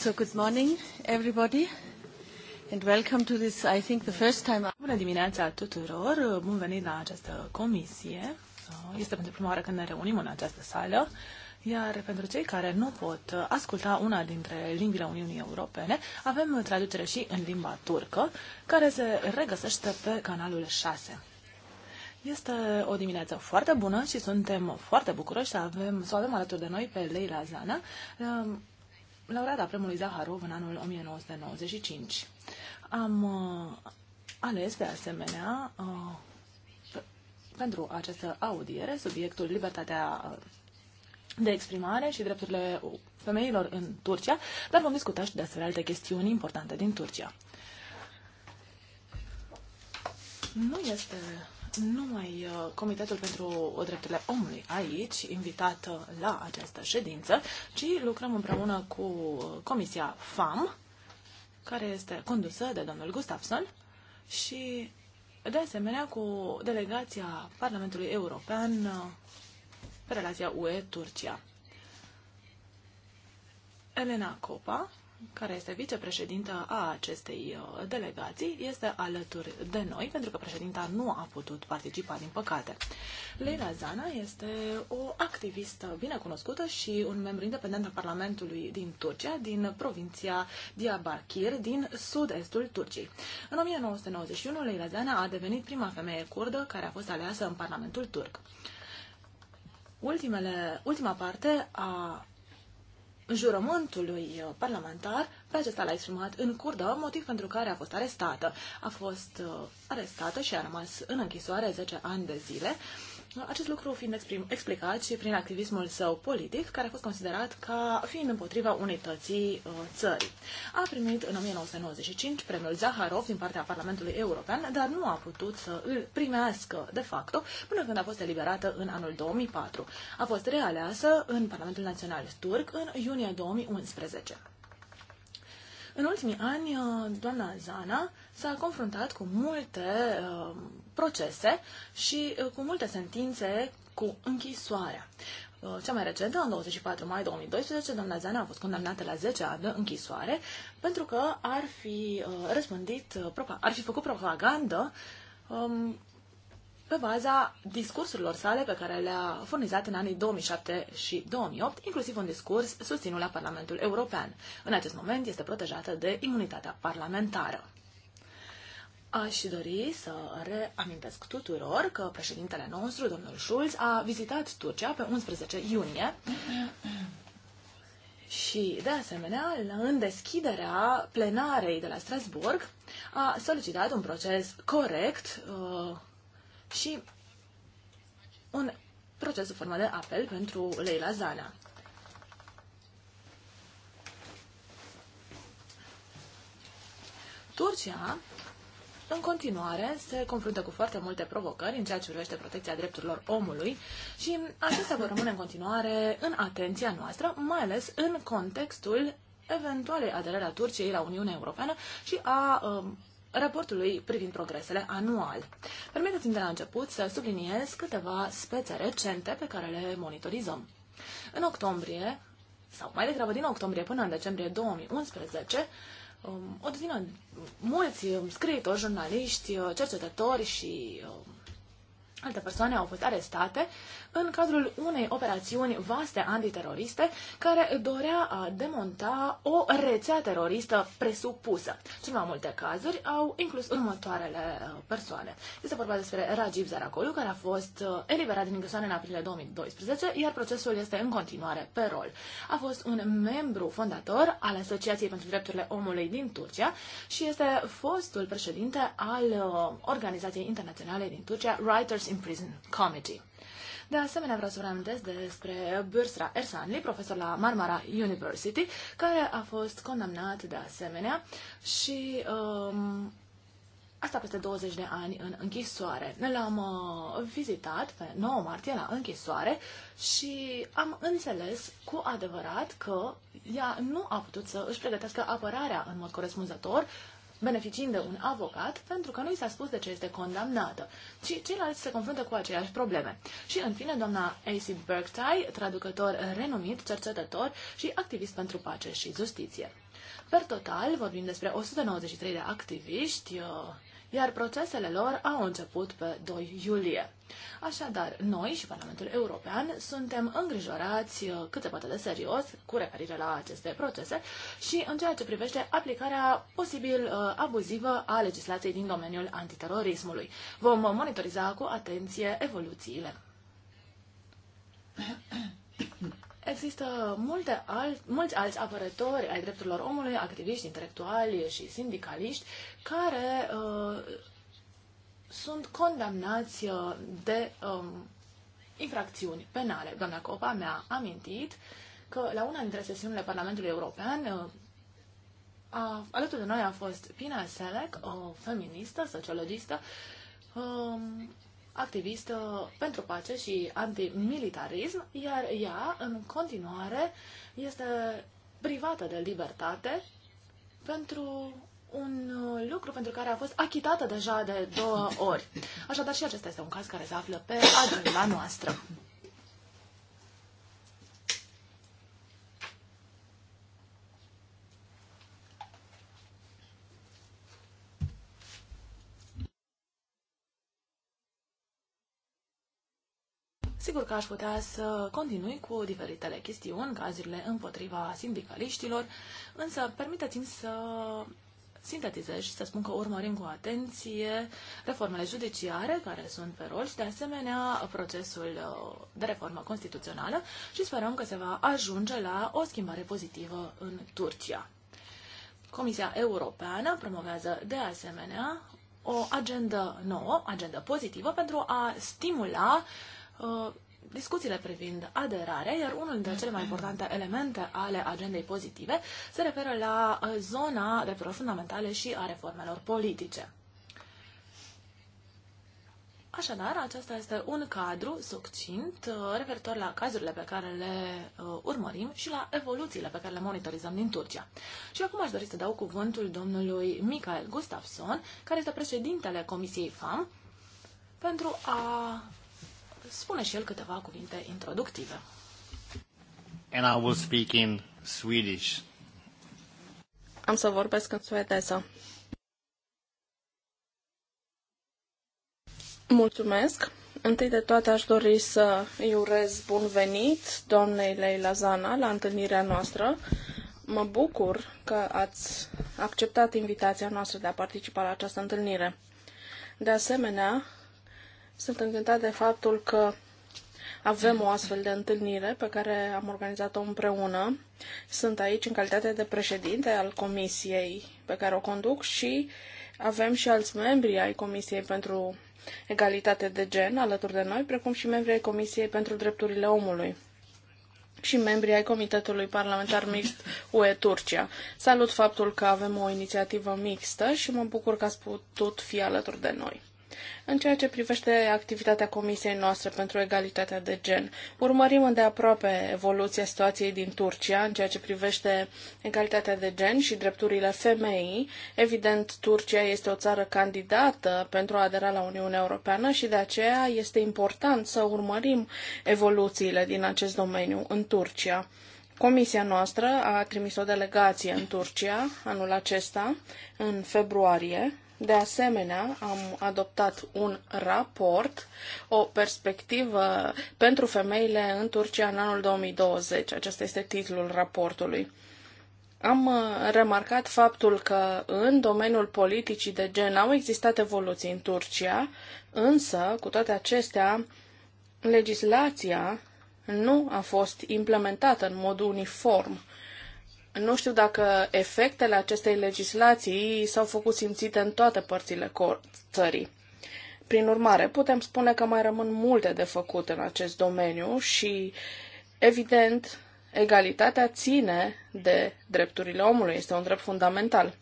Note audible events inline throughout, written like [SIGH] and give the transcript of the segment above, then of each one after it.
So good morning, everybody, and welcome to this, I think, the first time... Bună dimineața tuturor, bun venit la această comisie. Este pentru prima oară când ne reunim în această sală, iar pentru cei care nu pot asculta una dintre limbile Uniunii Europene, avem traducere și în limba turcă, care se regăsește pe canalul 6. Este o dimineață foarte bună și suntem foarte bucuroși să avem, să avem alături de noi pe Leila Zana, laureata premiului Zaharov în anul 1995. Am uh, ales, de asemenea, uh, pentru această audiere subiectul libertatea de exprimare și drepturile femeilor în Turcia, dar vom discuta și despre alte chestiuni importante din Turcia. Nu este numai uh, Comitetul pentru Drepturile Omului aici, invitat uh, la această ședință, ci lucrăm împreună cu uh, Comisia FAM, care este condusă de domnul Gustafsson și, de asemenea, cu delegația Parlamentului European pe relația UE-Turcia. Elena Copa care este vicepreședintă a acestei uh, delegații, este alături de noi, pentru că președinta nu a putut participa, din păcate. Leila Zana este o activistă binecunoscută și un membru independent al Parlamentului din Turcia, din provincia Diyarbakir, din sud-estul Turciei. În 1991, Leila Zana a devenit prima femeie curdă care a fost aleasă în Parlamentul turc. Ultimele, ultima parte a jurământului uh, parlamentar, pe acesta l-a exprimat în curdă, motiv pentru care a fost arestată. A fost uh, arestată și a rămas în închisoare 10 ani de zile acest lucru fiind exprim, explicat și prin activismul său politic, care a fost considerat ca fiind împotriva unității uh, țării. A primit în 1995 premiul Zaharov din partea Parlamentului European, dar nu a putut să îl primească de facto până când a fost eliberată în anul 2004. A fost realeasă în Parlamentul Național Turc în iunie 2011. În ultimii ani, uh, doamna Zana s-a confruntat cu multe uh, procese și uh, cu multe sentințe cu închisoarea. Uh, cea mai recentă, în 24 mai 2012, doamna Zeana a fost condamnată la 10 ani de închisoare pentru că ar fi uh, răspândit, ar fi făcut propagandă um, pe baza discursurilor sale pe care le-a furnizat în anii 2007 și 2008, inclusiv un discurs susținut la Parlamentul European. În acest moment este protejată de imunitatea parlamentară. Aș dori să reamintesc tuturor că președintele nostru, domnul Schulz, a vizitat Turcia pe 11 iunie și, de asemenea, în deschiderea plenarei de la Strasburg, a solicitat un proces corect uh, și un proces în formă de apel pentru Leila Zana. Turcia în continuare se confruntă cu foarte multe provocări în ceea ce privește protecția drepturilor omului și acestea vor rămâne în continuare în atenția noastră, mai ales în contextul eventualei aderări a Turciei la Uniunea Europeană și a um, raportului privind progresele anual. Permiteți-mi de la început să subliniez câteva spețe recente pe care le monitorizăm. În octombrie, sau mai degrabă din octombrie până în decembrie 2011, um, o duzină, mulți um, scriitori, jurnaliști, uh, cercetători și um, Alte persoane au fost arestate în cadrul unei operațiuni vaste antiteroriste care dorea a demonta o rețea teroristă presupusă. Cel mai multe cazuri au inclus următoarele uh, persoane. Este vorba despre Rajiv Zaracolu, care a fost uh, eliberat din închisoare în aprilie 2012, iar procesul este în continuare pe rol. A fost un membru fondator al Asociației pentru Drepturile Omului din Turcia și este fostul președinte al uh, Organizației Internaționale din Turcia, Writers in Prison Committee. De asemenea, vreau să vă amintesc despre Bursra Ersanli, profesor la Marmara University, care a fost condamnat de asemenea și um, asta peste 20 de ani în închisoare. L-am uh, vizitat pe 9 martie la închisoare și am înțeles cu adevărat că ea nu a putut să își pregătească apărarea în mod corespunzător beneficiind de un avocat, pentru că nu i s-a spus de ce este condamnată, Și ceilalți se confruntă cu aceleași probleme. Și, în fine, doamna A.C. Bergtai, traducător renumit, cercetător și activist pentru pace și justiție. Per total, vorbim despre 193 de activiști, uh, iar procesele lor au început pe 2 iulie. Așadar, noi și Parlamentul European suntem îngrijorați uh, cât se poate de serios cu referire la aceste procese și în ceea ce privește aplicarea posibil uh, abuzivă a legislației din domeniul antiterorismului. Vom monitoriza cu atenție evoluțiile există multe al, mulți alți apărători ai drepturilor omului, activiști, intelectuali și sindicaliști, care uh, sunt condamnați uh, de um, infracțiuni penale. Doamna Copa mi-a amintit că la una dintre sesiunile Parlamentului European, uh, a, alături de noi a fost Pina Selec, o feministă, sociologistă, um, activistă pentru pace și antimilitarism, iar ea, în continuare, este privată de libertate pentru un uh, lucru pentru care a fost achitată deja de două ori. Așadar și acesta este un caz care se află pe agenda noastră. Sigur că aș putea să continui cu diferitele chestiuni, cazurile împotriva sindicaliștilor, însă permiteți-mi să sintetizez și să spun că urmărim cu atenție reformele judiciare care sunt pe rol și de asemenea procesul uh, de reformă constituțională și sperăm că se va ajunge la o schimbare pozitivă în Turcia. Comisia Europeană promovează de asemenea o agendă nouă, agendă pozitivă pentru a stimula uh, Uh, discuțiile privind aderarea, iar unul dintre cele mai importante elemente ale agendei pozitive se referă la uh, zona drepturilor fundamentale și a reformelor politice. Așadar, acesta este un cadru succint uh, referitor la cazurile pe care le urmărim și la evoluțiile pe care le monitorizăm din Turcia. Și acum aș dori să dau cuvântul domnului Michael Gustafsson, care este președintele Comisiei FAM, pentru a spune și el câteva cuvinte introductive. And I will speak in Swedish. Am să vorbesc în suedeză. Mulțumesc! Întâi de toate aș dori să îi urez bun venit doamnei Leila Zana la întâlnirea noastră. Mă bucur că ați acceptat invitația noastră de a participa la această întâlnire. De asemenea, sunt încântat de faptul că avem o astfel de întâlnire pe care am organizat-o împreună. Sunt aici în calitate de președinte al comisiei pe care o conduc și avem și alți membri ai Comisiei pentru Egalitate de Gen alături de noi, precum și membri ai Comisiei pentru Drepturile Omului și membrii ai Comitetului Parlamentar Mixt UE-Turcia. Salut faptul că avem o inițiativă mixtă și mă bucur că ați putut fi alături de noi. În ceea ce privește activitatea Comisiei noastre pentru egalitatea de gen, urmărim îndeaproape evoluția situației din Turcia în ceea ce privește egalitatea de gen și drepturile femeii. Evident, Turcia este o țară candidată pentru a adera la Uniunea Europeană și de aceea este important să urmărim evoluțiile din acest domeniu în Turcia. Comisia noastră a trimis o delegație în Turcia anul acesta, în februarie, de asemenea, am adoptat un raport, o perspectivă pentru femeile în Turcia în anul 2020. Acesta este titlul raportului. Am uh, remarcat faptul că în domeniul politicii de gen au existat evoluții în Turcia, însă, cu toate acestea, legislația nu a fost implementată în mod uniform nu știu dacă efectele acestei legislații s-au făcut simțite în toate părțile țării. Prin urmare, putem spune că mai rămân multe de făcut în acest domeniu și, evident, egalitatea ține de drepturile omului, este un drept fundamental.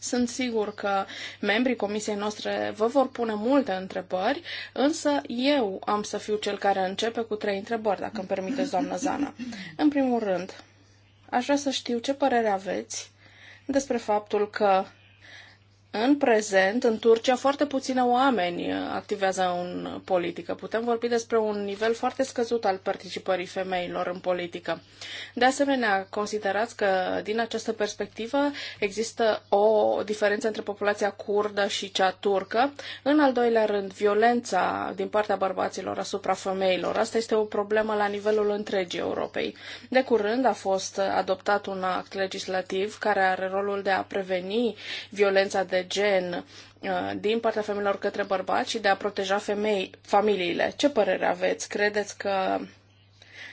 Sunt sigur că membrii comisiei noastre vă vor pune multe întrebări, însă eu am să fiu cel care începe cu trei întrebări, dacă îmi permiteți, doamnă Zana. În primul rând, Aș vrea să știu ce părere aveți despre faptul că în prezent, în Turcia, foarte puține oameni activează în politică. Putem vorbi despre un nivel foarte scăzut al participării femeilor în politică. De asemenea, considerați că, din această perspectivă, există o diferență între populația kurdă și cea turcă. În al doilea rând, violența din partea bărbaților asupra femeilor. Asta este o problemă la nivelul întregii Europei. De curând a fost adoptat un act legislativ care are rolul de a preveni violența de de gen uh, din partea femeilor către bărbați și de a proteja femei, familiile. Ce părere aveți? Credeți că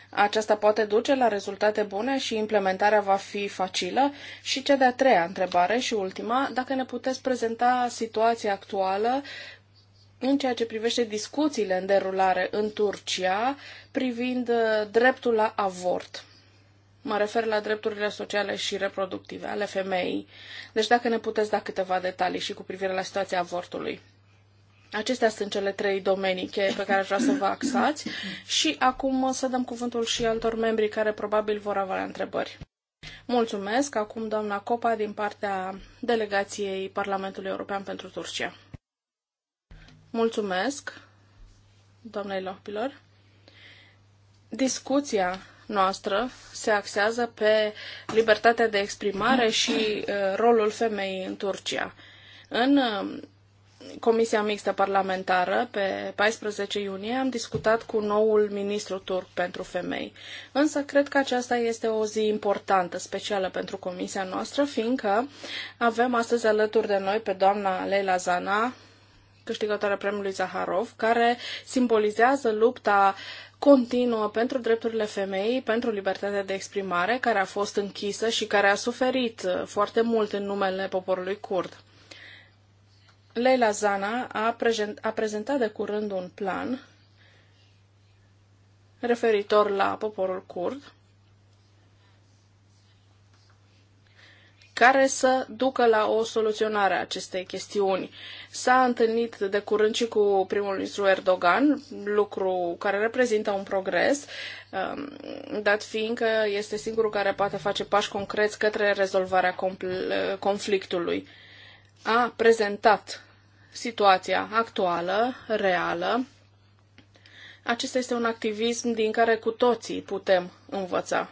aceasta poate duce la rezultate bune și implementarea va fi facilă? Și cea de-a treia întrebare și ultima, dacă ne puteți prezenta situația actuală în ceea ce privește discuțiile în derulare în Turcia privind uh, dreptul la avort. Mă refer la drepturile sociale și reproductive ale femeii. Deci dacă ne puteți da câteva detalii și cu privire la situația avortului. Acestea sunt cele trei domenii cheie pe care aș vrea să vă axați și acum să dăm cuvântul și altor membri care probabil vor avea întrebări. Mulțumesc. Acum doamna Copa din partea delegației Parlamentului European pentru Turcia. Mulțumesc, doamnei Lopilor. Discuția noastră se axează pe libertatea de exprimare și uh, rolul femeii în Turcia. În uh, Comisia Mixtă Parlamentară, pe 14 iunie, am discutat cu noul ministru turc pentru femei. Însă cred că aceasta este o zi importantă, specială pentru comisia noastră, fiindcă avem astăzi alături de noi pe doamna Leila Zana, câștigătoarea premiului Zaharov, care simbolizează lupta continuă pentru drepturile femeii, pentru libertatea de exprimare, care a fost închisă și care a suferit uh, foarte mult în numele poporului curd. Leila Zana a, prezent, a prezentat de curând un plan referitor la poporul curd care să ducă la o soluționare a acestei chestiuni. S-a întâlnit de curând și cu primul ministru Erdogan, lucru care reprezintă un progres, um, dat fiindcă este singurul care poate face pași concreți către rezolvarea conflictului. A prezentat situația actuală, reală. Acesta este un activism din care cu toții putem învăța.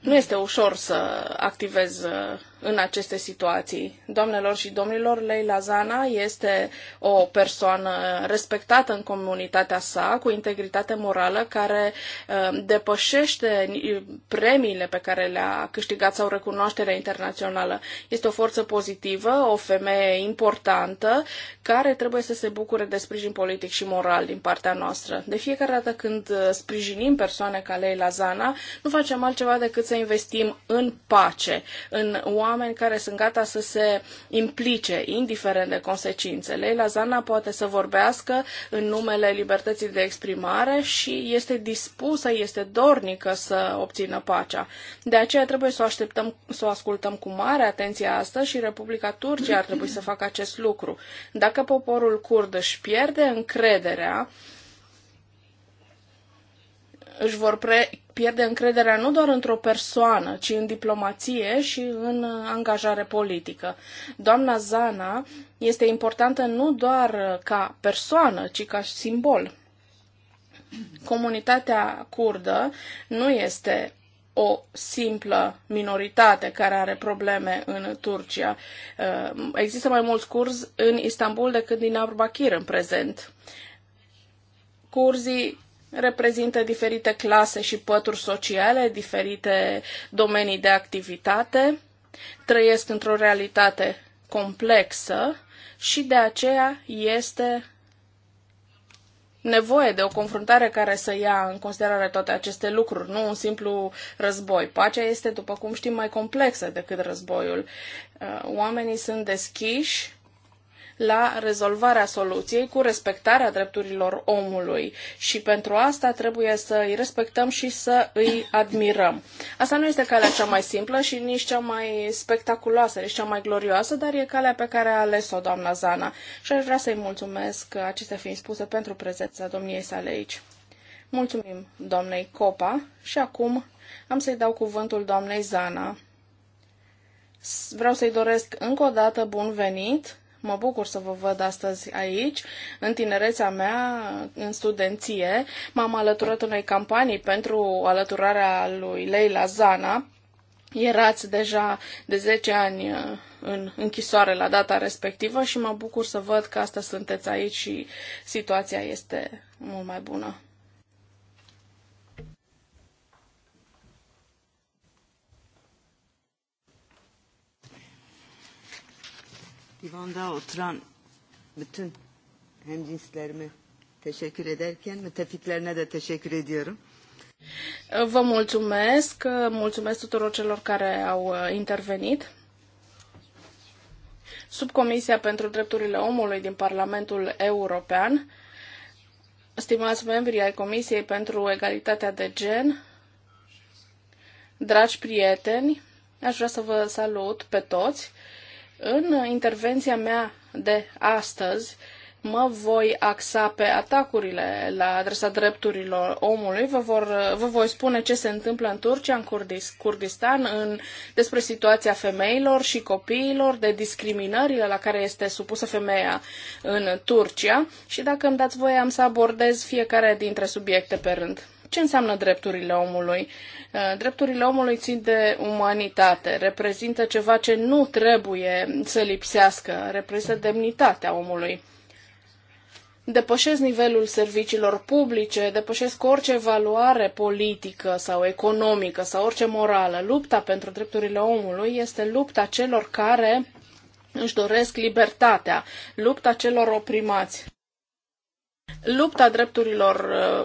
Nu este ușor să activez uh, în aceste situații. Doamnelor și domnilor, Leila Zana este o persoană respectată în comunitatea sa, cu integritate morală, care uh, depășește premiile pe care le-a câștigat sau recunoașterea internațională. Este o forță pozitivă, o femeie importantă, care trebuie să se bucure de sprijin politic și moral din partea noastră. De fiecare dată când uh, sprijinim persoane ca Leila Zana, nu facem altceva decât să investim în pace, în oameni oameni care sunt gata să se implice, indiferent de consecințe. Leila Zana poate să vorbească în numele libertății de exprimare și este dispusă, este dornică să obțină pacea. De aceea trebuie să o așteptăm, să o ascultăm cu mare atenție astăzi și Republica Turcia ar trebui să facă acest lucru. Dacă poporul curd își pierde încrederea, își vor pre- pierde încrederea nu doar într-o persoană, ci în diplomație și în angajare politică. Doamna Zana este importantă nu doar ca persoană, ci ca simbol. Comunitatea curdă nu este o simplă minoritate care are probleme în Turcia. Uh, există mai mulți curzi în Istanbul decât din Arbakir în prezent. Curzii reprezintă diferite clase și pături sociale, diferite domenii de activitate, trăiesc într-o realitate complexă și de aceea este nevoie de o confruntare care să ia în considerare toate aceste lucruri, nu un simplu război. Pacea este, după cum știm, mai complexă decât războiul. Uh, oamenii sunt deschiși la rezolvarea soluției cu respectarea drepturilor omului și pentru asta trebuie să îi respectăm și să îi admirăm. Asta nu este calea cea mai simplă și nici cea mai spectaculoasă, nici cea mai glorioasă, dar e calea pe care a ales-o doamna Zana și aș vrea să-i mulțumesc, acestea fiind spuse, pentru prezența domniei sale aici. Mulțumim doamnei Copa și acum am să-i dau cuvântul doamnei Zana. Vreau să-i doresc încă o dată bun venit Mă bucur să vă văd astăzi aici. În tinerețea mea, în studenție, m-am alăturat unei campanii pentru alăturarea lui Leila Zana. Erați deja de 10 ani uh, în închisoare la data respectivă și mă bucur să văd că astăzi sunteți aici și situația este mult mai bună. divanda oturan bütün hemcinslerimi teşekkür ederken mütefiklerine de teşekkür ediyorum. Vă mulțumesc, mulțumesc tuturor celor care au uh, intervenit. Subcomisia pentru Drepturile Omului din Parlamentul European, stimați membri ai Comisiei pentru Egalitatea de Gen, dragi prieteni, aș vrea să vă salut pe toți în intervenția mea de astăzi, mă voi axa pe atacurile la adresa drepturilor omului, vă, vor, vă voi spune ce se întâmplă în Turcia, în Kurdis, Kurdistan, în, despre situația femeilor și copiilor, de discriminările la care este supusă femeia în Turcia și dacă îmi dați voie am să abordez fiecare dintre subiecte pe rând. Ce înseamnă drepturile omului? Uh, drepturile omului țin de umanitate, reprezintă ceva ce nu trebuie să lipsească, reprezintă demnitatea omului depășesc nivelul serviciilor publice, depășesc orice valoare politică sau economică sau orice morală. Lupta pentru drepturile omului este lupta celor care își doresc libertatea, lupta celor oprimați. Lupta drepturilor,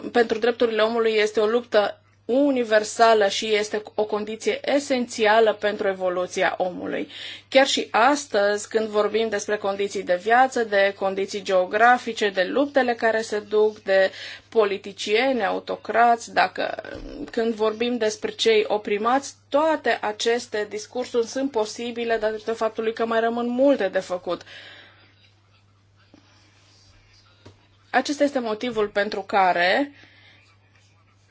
uh, pentru drepturile omului este o luptă universală și este o condiție esențială pentru evoluția omului. Chiar și astăzi, când vorbim despre condiții de viață, de condiții geografice, de luptele care se duc, de politicieni, autocrați, dacă, când vorbim despre cei oprimați, toate aceste discursuri sunt posibile datorită faptului că mai rămân multe de făcut. Acesta este motivul pentru care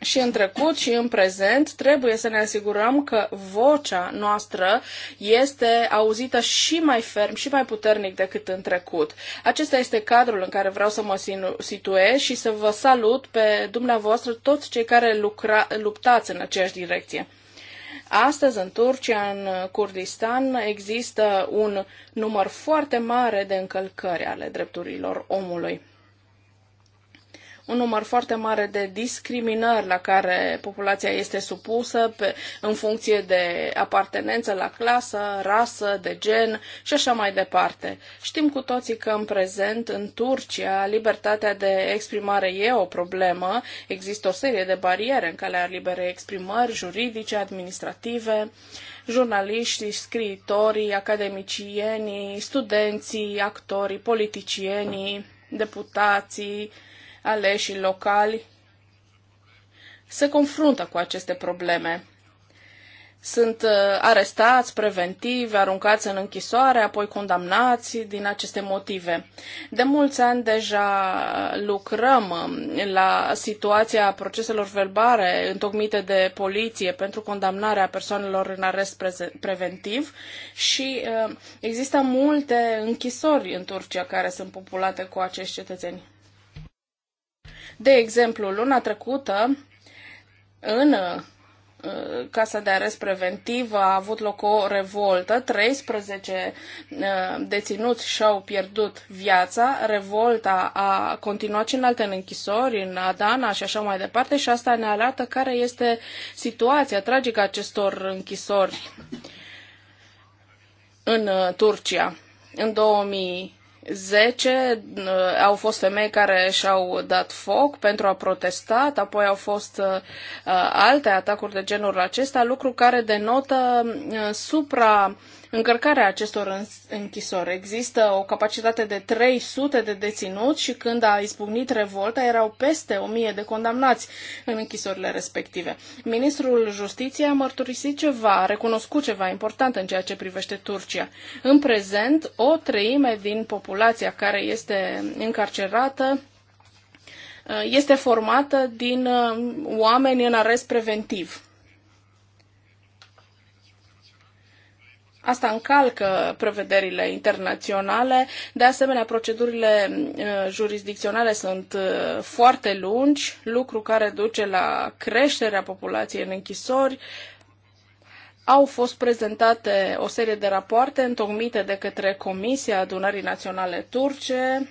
și în trecut și în prezent trebuie să ne asigurăm că vocea noastră este auzită și mai ferm și mai puternic decât în trecut. Acesta este cadrul în care vreau să mă situez și să vă salut pe dumneavoastră toți cei care lucra, luptați în aceeași direcție. Astăzi, în Turcia, în Kurdistan, există un număr foarte mare de încălcări ale drepturilor omului un număr foarte mare de discriminări la care populația este supusă pe, în funcție de apartenență la clasă, rasă, de gen și așa mai departe. Știm cu toții că în prezent, în Turcia, libertatea de exprimare e o problemă. Există o serie de bariere în calea liberei exprimări juridice, administrative jurnaliștii, scriitorii, academicienii, studenții, actorii, politicienii, deputații, aleșii locali se confruntă cu aceste probleme. Sunt uh, arestați preventiv, aruncați în închisoare, apoi condamnați din aceste motive. De mulți ani deja lucrăm um, la situația proceselor verbare întocmite de poliție pentru condamnarea persoanelor în arest preventiv și uh, există multe închisori în Turcia care sunt populate cu acești cetățeni. De exemplu, luna trecută, în uh, Casa de Arest Preventiv a avut loc o revoltă, 13 uh, deținuți și-au pierdut viața, revolta a continuat și în alte închisori, în Adana și așa mai departe și asta ne arată care este situația tragică a acestor închisori în uh, Turcia. În 2000 10 uh, au fost femei care și-au dat foc pentru a protesta, apoi au fost uh, alte atacuri de genul acesta, lucru care denotă uh, supra încărcarea acestor închisori. Există o capacitate de 300 de deținuți și când a izbucnit revolta erau peste 1000 de condamnați în închisorile respective. Ministrul Justiției a mărturisit ceva, a recunoscut ceva important în ceea ce privește Turcia. În prezent, o treime din populația care este încarcerată uh, este formată din uh, oameni în arest preventiv. Asta încalcă prevederile internaționale. De asemenea, procedurile uh, jurisdicționale sunt uh, foarte lungi, lucru care duce la creșterea populației în închisori. Au fost prezentate o serie de rapoarte întocmite de către Comisia Adunării Naționale Turce,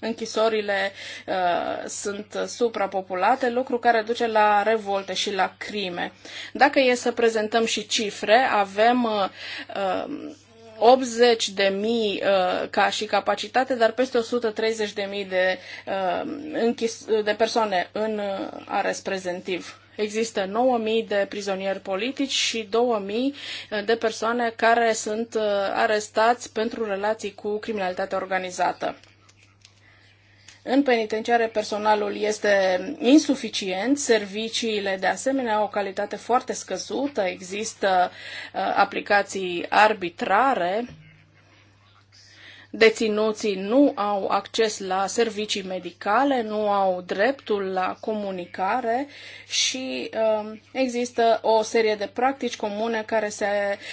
Închisorile uh, sunt suprapopulate, lucru care duce la revolte și la crime. Dacă e să prezentăm și cifre, avem uh, 80 uh, de mii uh, ca și capacitate, dar peste 130 de mii de, uh, închis, de persoane în uh, arest prezentiv. Există 9.000 de prizonieri politici și 2.000 uh, de persoane care sunt uh, arestați pentru relații cu criminalitatea organizată. În penitenciare personalul este insuficient, serviciile de asemenea au o calitate foarte scăzută, există uh, aplicații arbitrare deținuții nu au acces la servicii medicale, nu au dreptul la comunicare și um, există o serie de practici comune care se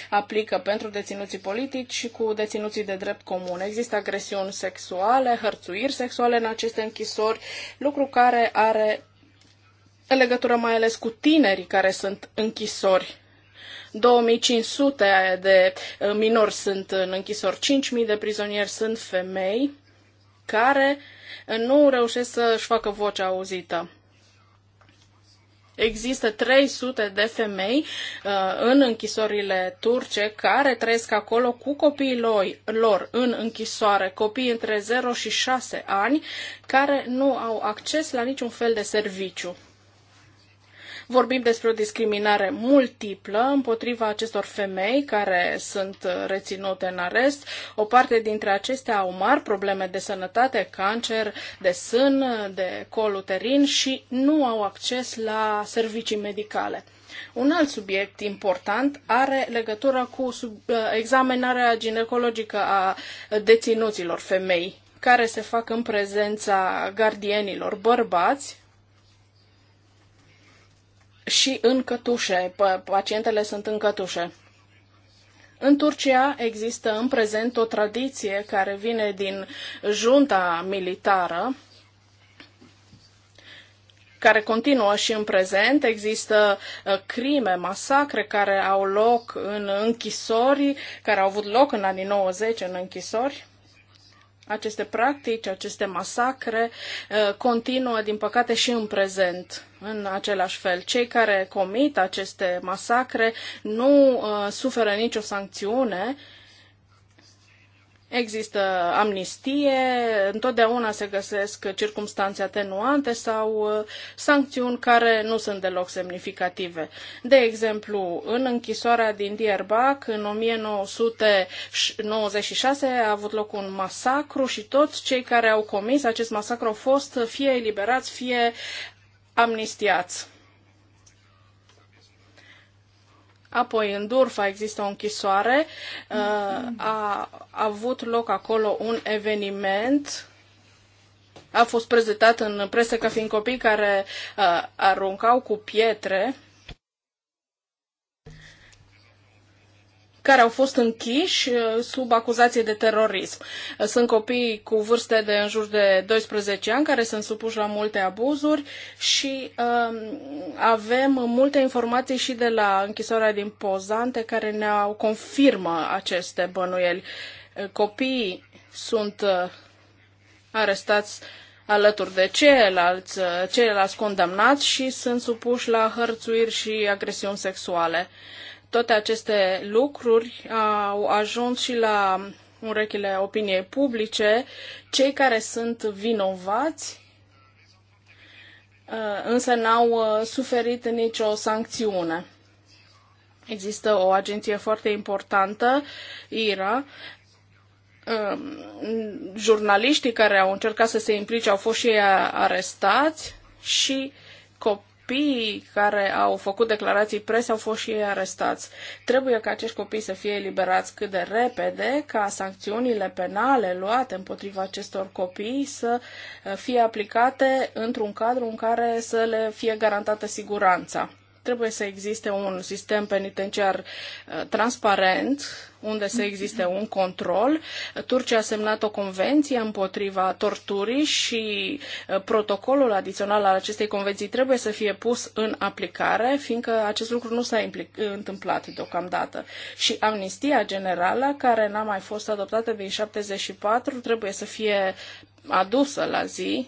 aplică pentru deținuții politici și cu deținuții de drept comun. Există agresiuni sexuale, hărțuiri sexuale în aceste închisori, lucru care are legătură mai ales cu tinerii care sunt închisori 2500 de uh, minori sunt în închisori, 5000 de prizonieri sunt femei care uh, nu reușesc să-și facă vocea auzită. Există 300 de femei uh, în închisorile turce care trăiesc acolo cu copiii lor, lor în închisoare, copii între 0 și 6 ani, care nu au acces la niciun fel de serviciu. Vorbim despre o discriminare multiplă împotriva acestor femei care sunt reținute în arest. O parte dintre acestea au mari probleme de sănătate, cancer, de sân, de col uterin și nu au acces la servicii medicale. Un alt subiect important are legătură cu sub, uh, examinarea ginecologică a deținuților femei care se fac în prezența gardienilor bărbați și în cătușe. Pacientele sunt în cătușe. În Turcia există în prezent o tradiție care vine din junta militară, care continuă și în prezent. Există uh, crime, masacre care au loc în închisori, care au avut loc în anii 90 în închisori. Aceste practici, aceste masacre uh, continuă, din păcate, și în prezent, în același fel. Cei care comit aceste masacre nu uh, suferă nicio sancțiune, uh, Există amnistie, întotdeauna se găsesc circumstanțe atenuante sau uh, sancțiuni care nu sunt deloc semnificative. De exemplu, în închisoarea din Dierbach, în 1996 a avut loc un masacru și toți cei care au comis acest masacru au fost fie eliberați, fie amnistiați. Apoi, în Durfa există o închisoare. Uh, a, avut loc acolo un eveniment a fost prezentat în presă ca fiind copii care uh, aruncau cu pietre care au fost închiși uh, sub acuzație de terorism. Uh, sunt copii cu vârste de în jur de 12 ani care sunt supuși la multe abuzuri și um, avem multe informații și de la închisoarea din Pozante care ne au confirmă aceste bănuieli. Uh, copiii sunt arestați alături de ceilalți, ceilalți condamnați și sunt supuși la hărțuiri și agresiuni sexuale. Toate aceste lucruri au ajuns și la urechile opiniei publice. Cei care sunt vinovați uh, însă n-au uh, suferit nicio sancțiune. Există o agenție foarte importantă, IRA. Um, jurnaliștii care au încercat să se implice au fost și ei arestați și copii copii care au făcut declarații prese au fost și ei arestați. Trebuie ca acești copii să fie eliberați cât de repede, ca sancțiunile penale luate împotriva acestor copii să eh, fie aplicate într-un cadru în care să le fie garantată siguranța trebuie să existe un sistem penitenciar uh, transparent, unde să existe un control. Turcia a semnat o convenție împotriva torturii și uh, protocolul adițional al acestei convenții trebuie să fie pus în aplicare, fiindcă acest lucru nu s-a întâmplat deocamdată. Și amnistia generală, care n-a mai fost adoptată din 74, trebuie să fie adusă la zi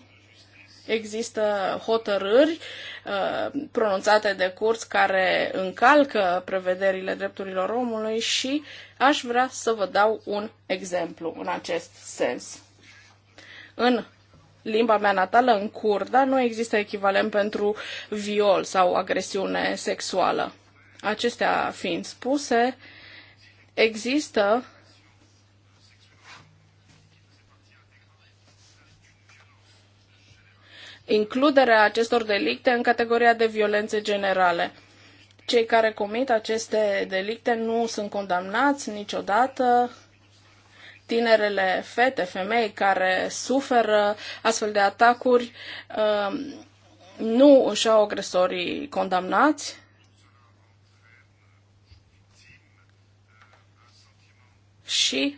Există hotărâri uh, pronunțate de curți care încalcă prevederile drepturilor omului și aș vrea să vă dau un exemplu în acest sens. În limba mea natală, în curda, nu există echivalent pentru viol sau agresiune sexuală. Acestea fiind spuse, există includerea acestor delicte în categoria de violențe generale. Cei care comit aceste delicte nu sunt condamnați niciodată. Tinerele fete, femei care suferă astfel de atacuri um, nu își au agresorii condamnați, și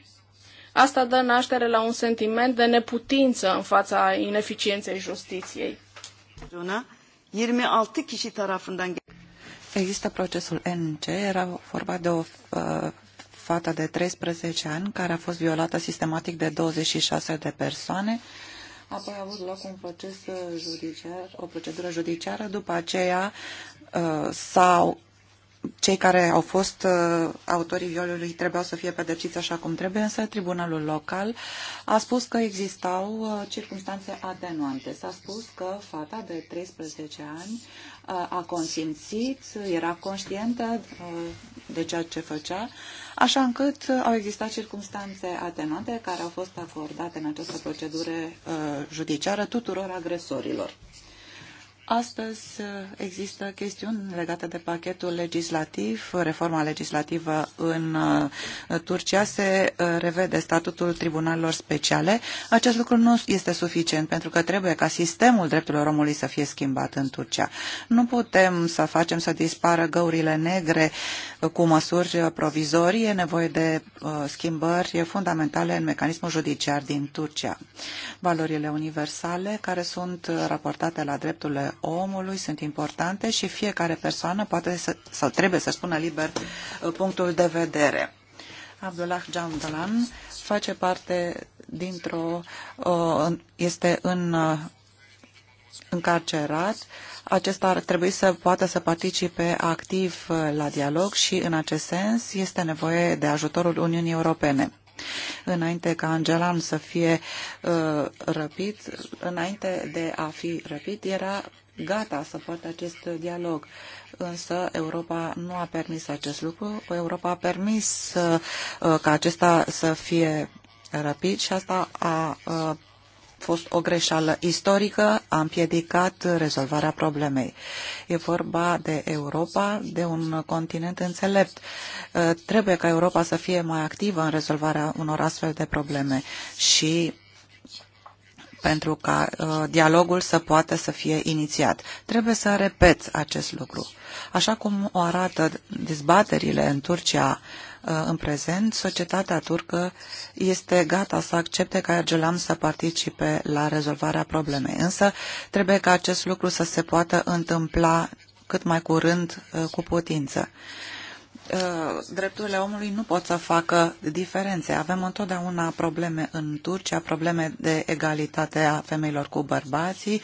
Asta dă naștere la un sentiment de neputință în fața ineficienței justiției. 26 kiși tarafından Există procesul NC, era vorba de o uh, fată de 13 ani care a fost violată sistematic de 26 de persoane. Apoi a avut loc un proces uh, judiciar, o procedură judiciară, după aceea uh, s-au cei care au fost uh, autorii violului trebuiau să fie pedepsiți așa cum trebuie, însă tribunalul local a spus că existau uh, circunstanțe atenuante. S-a spus că fata de 13 ani uh, a consimțit, era conștientă de ceea ce făcea, așa încât au existat circunstanțe atenuante care au fost acordate în această procedură judiciară tuturor agresorilor. Astăzi uh, există chestiuni legate de pachetul legislativ, reforma legislativă în uh, Turcia se uh, revede statutul tribunalelor speciale. Acest lucru nu este suficient pentru că trebuie ca sistemul drepturilor omului să fie schimbat în Turcia. Nu putem să facem să dispară găurile negre cu măsuri provizorii, e nevoie de schimbări fundamentale în mecanismul judiciar din Turcia. Valorile universale care sunt raportate la drepturile omului sunt importante și fiecare persoană poate să, sau trebuie să spună liber uh, punctul de vedere. Abdullah Jandalan face parte dintr-o, uh, este în uh, încarcerat. Acesta ar trebui să poată să participe activ la dialog și în acest sens este nevoie de ajutorul Uniunii Europene. Înainte ca Angelan să fie uh, răpit, înainte de a fi răpit, era gata să poată acest dialog. Însă Europa nu a permis acest lucru. Europa a permis uh, ca acesta să fie rapid și asta a uh, fost o greșeală istorică, a împiedicat rezolvarea problemei. E vorba de Europa, de un continent înțelept. Uh, trebuie ca Europa să fie mai activă în rezolvarea unor astfel de probleme și pentru ca uh, dialogul să poată să fie inițiat. Trebuie să repeți acest lucru. Așa cum o arată dezbaterile în Turcia uh, în prezent, societatea turcă este gata să accepte ca Ergelam să participe la rezolvarea problemei. Însă trebuie ca acest lucru să se poată întâmpla cât mai curând uh, cu putință. Uh, Uh, drepturile omului nu pot să facă diferențe. Avem întotdeauna probleme în Turcia, probleme de egalitate a femeilor cu bărbații,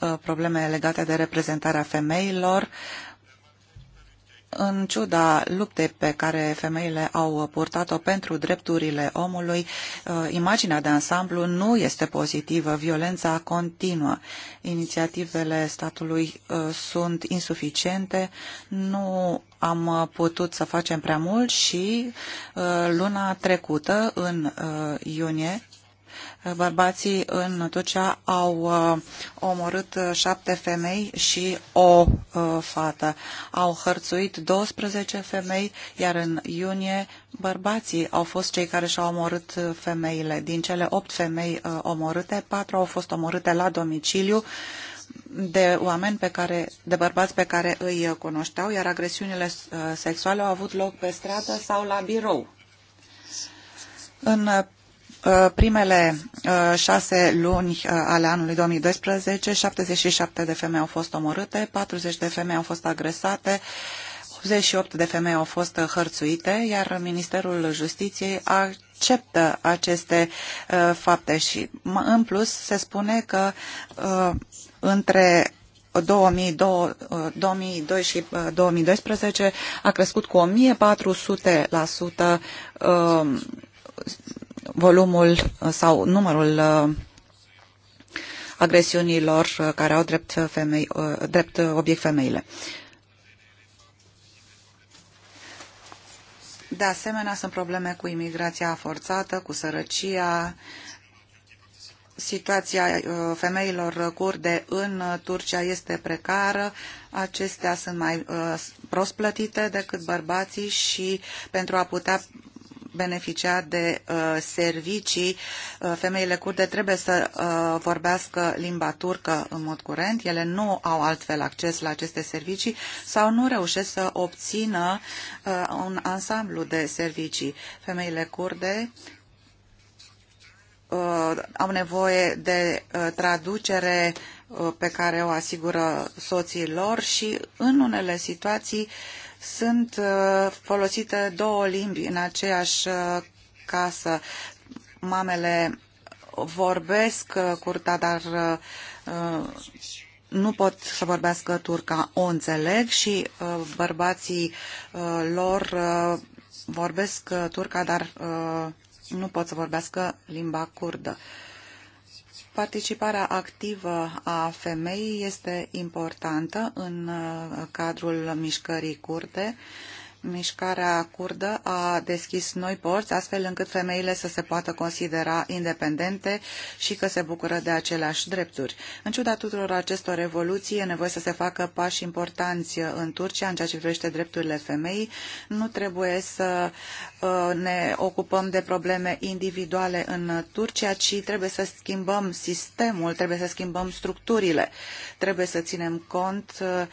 uh, probleme legate de reprezentarea femeilor, în ciuda luptei pe care femeile au purtat-o pentru drepturile omului, uh, imaginea de ansamblu nu este pozitivă, violența continuă. Inițiativele statului uh, sunt insuficiente, nu am putut să facem prea mult și uh, luna trecută, în iunie, Eh, bărbații în Turcia au eh, omorât eh, șapte femei și o fată. Au hărțuit 12 femei, iar în iunie bărbații au fost cei care și-au omorât femeile. Din cele opt femei omorâte, patru au fost omorâte la domiciliu, de oameni pe care, de bărbați pe care îi cunoșteau, iar agresiunile sexuale au avut loc pe stradă sau la birou. În Uh, primele uh, șase luni uh, ale anului 2012, 77 de femei au fost omorâte, 40 de femei au fost agresate, 88 de femei au fost hărțuite, iar Ministerul Justiției acceptă aceste fapte și în plus se spune că între 2002, și 2012 a crescut cu 1400% uh, volumul uh, sau numărul uh, agresiunilor uh, care au drept, femei, drept obiect femeile. De asemenea, sunt probleme cu imigrația forțată, cu sărăcia, situația femeilor curde în Turcia este precară, acestea sunt mai prost plătite decât bărbații și pentru a putea beneficia de uh, servicii. Uh, femeile curde trebuie să uh, vorbească limba turcă în mod curent. Ele nu au altfel acces la aceste servicii sau nu reușesc să obțină uh, un ansamblu de servicii. Femeile curde uh, au nevoie de uh, traducere uh, pe care o asigură soții lor și în unele situații uh, sunt uh, folosite două limbi în aceeași uh, casă. Mamele vorbesc uh, curta, dar nu pot să vorbească turca, o înțeleg și bărbații lor vorbesc turca, dar nu pot să vorbească limba curdă. Participarea activă a femeii este importantă în uh, cadrul mișcării curde. Mișcarea curdă a deschis noi porți, astfel încât femeile să se poată considera independente și că se bucură de aceleași drepturi. În ciuda tuturor acestor revoluții, e nevoie să se facă pași importanți în Turcia în ceea ce privește drepturile femeii. Nu trebuie să uh, ne ocupăm de probleme individuale în Turcia, ci trebuie să schimbăm sistemul, trebuie să schimbăm structurile. Trebuie să ținem cont uh,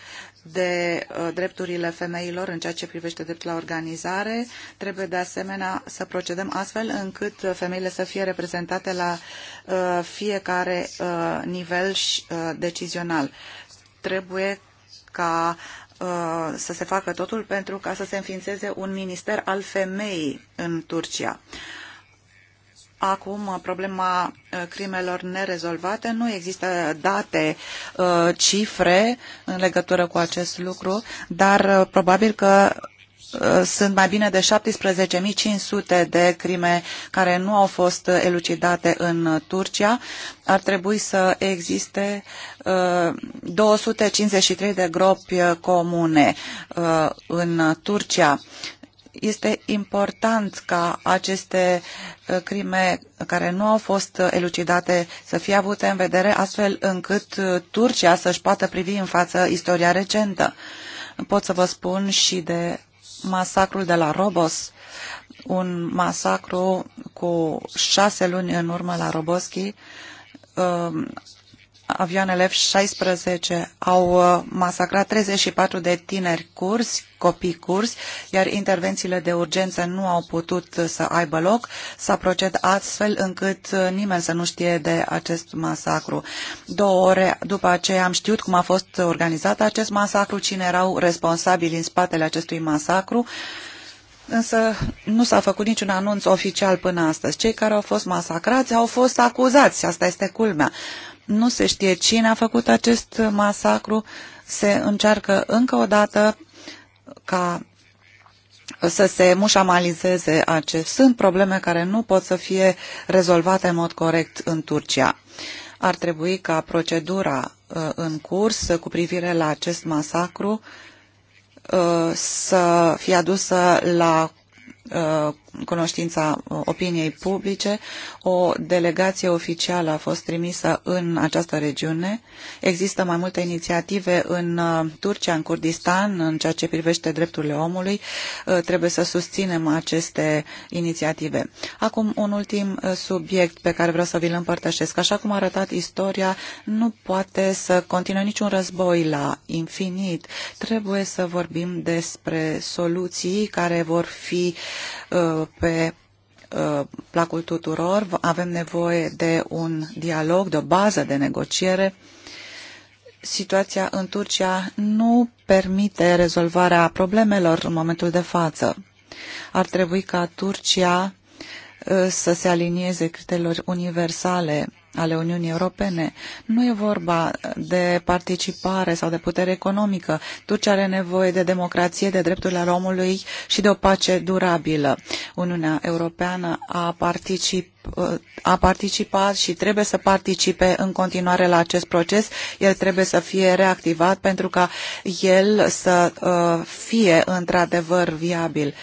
de uh, drepturile femeilor în ceea ce privește dreptul la organizare. Trebuie de asemenea să procedăm astfel încât femeile să fie reprezentate la uh, fiecare uh, nivel decizional. Trebuie ca să se facă totul pentru ca să se înființeze un minister al femeii în Turcia. Uh, acum problema uh, crimelor nerezolvate. Nu există date, uh, cifre în legătură cu acest lucru, dar uh, probabil că sunt mai bine de 17.500 de crime care nu au fost elucidate în Turcia. Ar trebui să existe 253 de gropi comune în Turcia este important ca aceste uh, crime care nu au fost elucidate să fie avute în vedere astfel încât uh, Turcia să-și poată privi în față istoria recentă. Pot să vă spun și de masacrul de la Robos, un masacru cu șase luni în urmă la Roboschi, uh, avioanele F-16 au uh, masacrat 34 de tineri curs, copii curs, iar intervențiile de urgență nu au putut să aibă loc. S-a procedat astfel încât uh, nimeni să nu știe de acest masacru. Două ore după aceea am știut cum a fost organizat acest masacru, cine erau responsabili în spatele acestui masacru însă nu s-a făcut niciun anunț oficial până astăzi. Cei care au fost masacrați au fost acuzați, asta este culmea nu se știe cine a făcut acest masacru, se încearcă încă o dată ca să se mușamalizeze acest. Sunt probleme care nu pot să fie rezolvate în mod corect în Turcia. Ar trebui ca procedura uh, în curs cu privire la acest masacru uh, să fie adusă la uh, cunoștința uh, opiniei publice. O delegație oficială a fost trimisă în această regiune. Există mai multe inițiative în uh, Turcia, în Kurdistan, în ceea ce privește drepturile omului. Uh, trebuie să susținem aceste inițiative. Acum, un ultim subiect pe care vreau să vi-l împărtășesc. Așa cum a arătat istoria, nu poate să continue niciun război la infinit. Trebuie să vorbim despre soluții care vor fi uh, pe uh, placul tuturor. Avem nevoie de un dialog, de o bază de negociere. Situația în Turcia nu permite rezolvarea problemelor în momentul de față. Ar trebui ca Turcia uh, să se alinieze criteriilor universale ale Uniunii Europene. Nu e vorba de participare sau de putere economică. Turcia are nevoie de democrație, de drepturile al omului și de o pace durabilă. Uniunea Europeană a participat a participat și trebuie să participe în continuare la acest proces. El trebuie să fie reactivat pentru ca el să uh, fie într-adevăr viabil.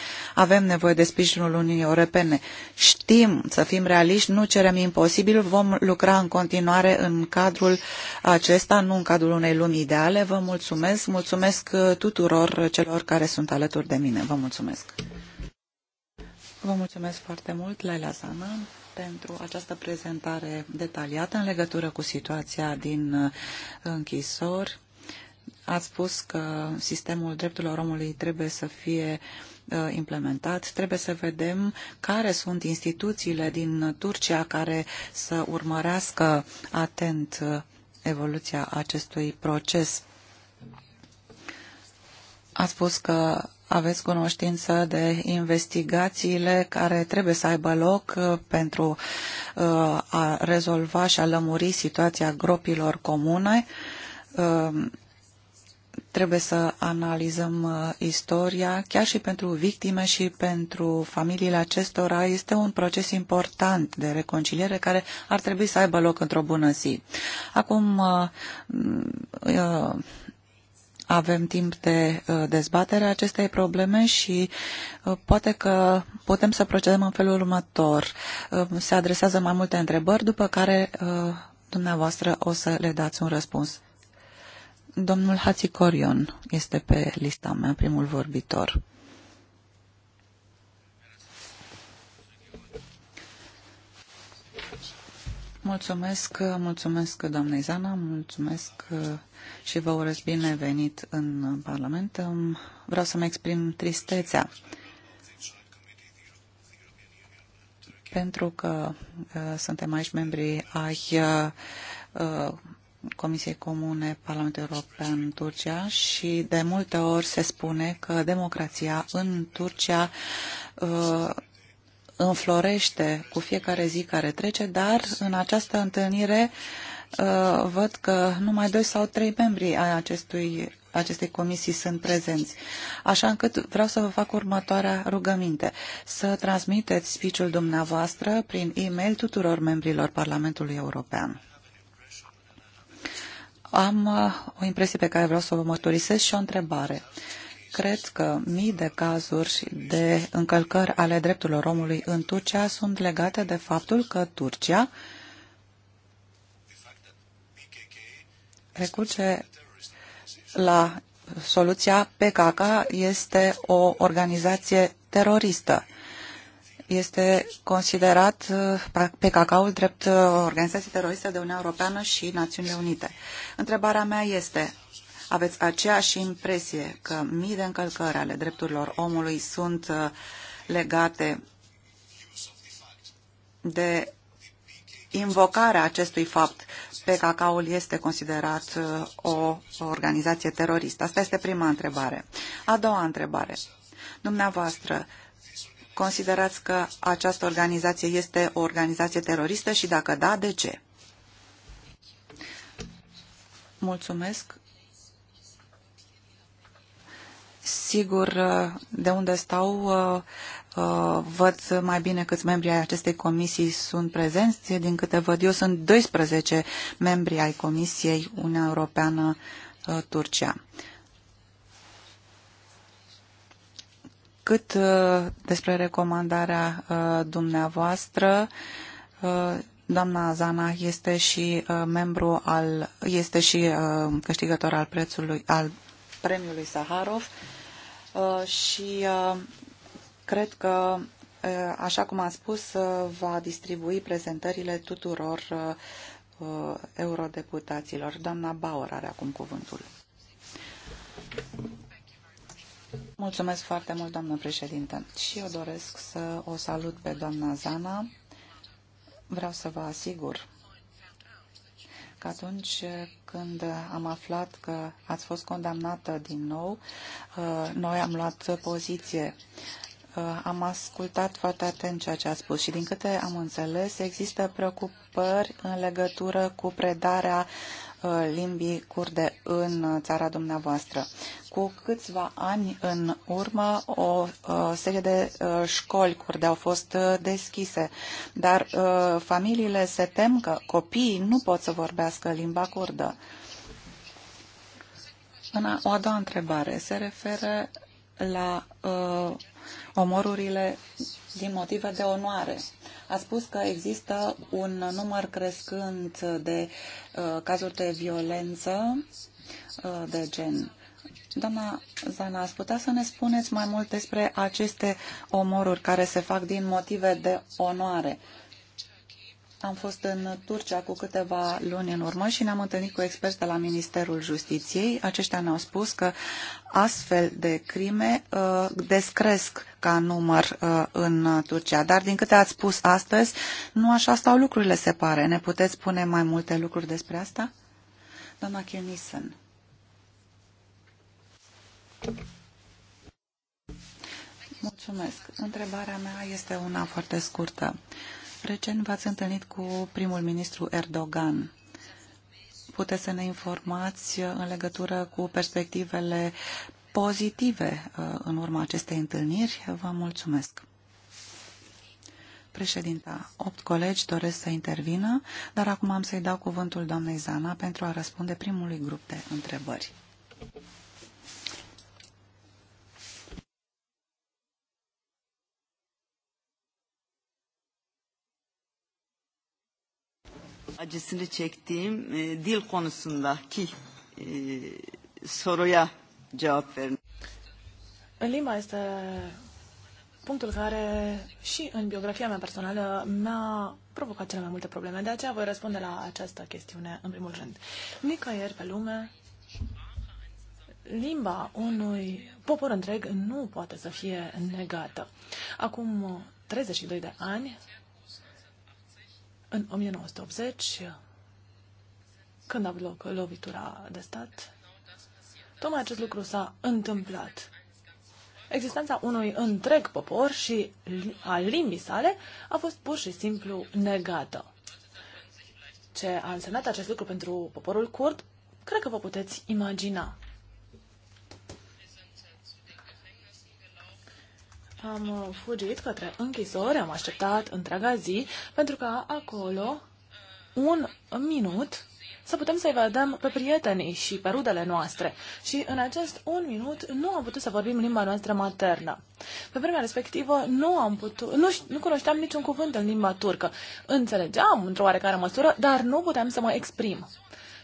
Avem nevoie de sprijinul Uniunii Europene. Știm, să fim realiști, nu cerem imposibil, vom lucra în continuare în cadrul acesta, nu în cadrul unei lumi ideale. Vă mulțumesc, mulțumesc tuturor celor care sunt alături de mine. Vă mulțumesc. Vă mulțumesc foarte mult, Laila Zana, pentru această prezentare detaliată în legătură cu situația din uh, închisori. Ați spus că sistemul drepturilor omului trebuie să fie uh, Uh, implementat. Trebuie să vedem care sunt instituțiile din Turcia care să urmărească atent uh, evoluția acestui proces. A spus că aveți cunoștință de investigațiile care trebuie să aibă loc uh, pentru a rezolva și a lămuri situația gropilor comune. Trebuie să analizăm uh, istoria, chiar și pentru victime și pentru familiile acestora. Este un proces important de reconciliere care ar trebui să aibă loc într-o bună zi. Acum uh, mm, uh, avem timp de dezbatere acestei probleme și poate că putem să procedăm în felul următor. Se adresează mai multe întrebări, după care dumneavoastră o să le dați un răspuns. Domnul Hatzicorion este pe lista mea, primul vorbitor. Mulțumesc, mulțumesc doamnei Zana, mulțumesc și vă urez bine venit în Parlament. Vreau să-mi exprim tristețea pentru că uh, suntem aici membri ai uh, Comisiei Comune Parlamentul European Turcia și de multe ori se spune că democrația în Turcia uh, înflorește cu fiecare zi care trece, dar în această întâlnire uh, văd că numai doi sau trei membri ai acestui, acestei comisii sunt prezenți. Așa încât vreau să vă fac următoarea rugăminte. Să transmiteți speech-ul dumneavoastră prin e-mail tuturor membrilor Parlamentului European. Am uh, o impresie pe care vreau să vă mărturisesc și o întrebare. Cred că mii de cazuri de încălcări ale drepturilor omului în Turcia sunt legate de faptul că Turcia recurge la soluția PKK este o organizație teroristă este considerat uh, pe cacao drept uh, organizație teroristă de Uniunea Europeană și Națiunile Unite. Întrebarea mea este, aveți aceeași impresie că mii de încălcări ale drepturilor omului sunt uh, legate de invocarea acestui fapt pe cacao este considerat o organizație teroristă? Asta este prima întrebare. A doua întrebare. Dumneavoastră, Considerați că această organizație este o organizație teroristă și dacă da, de ce? Mulțumesc. Sigur, de unde stau, uh, văd mai bine câți membri ai acestei comisii sunt prezenți. Din câte văd eu, sunt 12 membri ai Comisiei Uniunea Europeană-Turcia. Uh, cât uh, despre recomandarea uh, dumneavoastră, uh, doamna Zana este și membru al, este și câștigător al prețului, al premiului Saharov și cred că așa cum am spus, va distribui prezentările tuturor eurodeputaților. Doamna Bauer are acum cuvântul. Mulțumesc foarte mult, doamnă președintă. Și eu doresc să o salut pe doamna Zana. Vreau să vă asigur că atunci când am aflat că ați fost condamnată din nou, uh, noi am luat poziție. Uh, am ascultat foarte atent ceea ce a spus și din câte am înțeles, există preocupări în legătură cu predarea uh, Uh, limbii curde în uh, țara dumneavoastră. Cu câțiva ani în urmă, o uh, serie de școli curde au fost deschise, dar familiile se tem că copiii nu pot să vorbească limba curdă. O a doua întrebare se referă la uh, omorurile din motive de onoare. A spus că există un număr crescând de uh, cazuri de violență uh, de gen. Doamna Zana, ați putea să ne spuneți mai mult despre aceste omoruri care se fac din motive de onoare? Uh, am fost în Turcia cu câteva luni în urmă și ne-am întâlnit cu experți de la Ministerul Justiției. Aceștia ne-au spus că astfel de crime uh, descresc ca număr uh, în Turcia. Dar din câte ați spus astăzi, nu așa stau lucrurile, se pare. Ne puteți spune mai multe lucruri despre asta? Doamna Kirnison. Mulțumesc. Întrebarea mea este una foarte scurtă. Uh, Frecen v-ați întâlnit cu primul ministru Erdogan. Puteți să ne informați în legătură cu perspectivele pozitive uh, în urma acestei întâlniri. Vă mulțumesc. Președinta, opt colegi doresc să intervină, dar acum am să-i dau cuvântul doamnei Zana pentru a răspunde primului grup de întrebări. acısını çektiğim e, dil konusundaki e, soruya cevap verin. Limba este punctul care și în biografia mea personală mi-a provocat cele mai multe probleme. De aceea voi răspunde la această chestiune în primul rând. Nicăieri pe lume, limba unui popor întreg nu poate să fie negată. Acum 32 de ani, în 1980, când a avut loc lovitura de stat, tocmai acest lucru s-a întâmplat. Existența unui întreg popor și a limbii sale a fost pur și simplu negată. Ce a însemnat acest lucru pentru poporul curd, cred că vă puteți imagina. Am uh, fugit către închisori, am așteptat întreaga zi, pentru că acolo un minut să putem să-i vedem pe prietenii și pe rudele noastre. Și în acest un minut nu am putut să vorbim limba noastră maternă. Pe vremea respectivă nu am putut, nu, nu cunoșteam niciun cuvânt în limba turcă. Înțelegeam într-o oarecare măsură, dar nu puteam să mă exprim.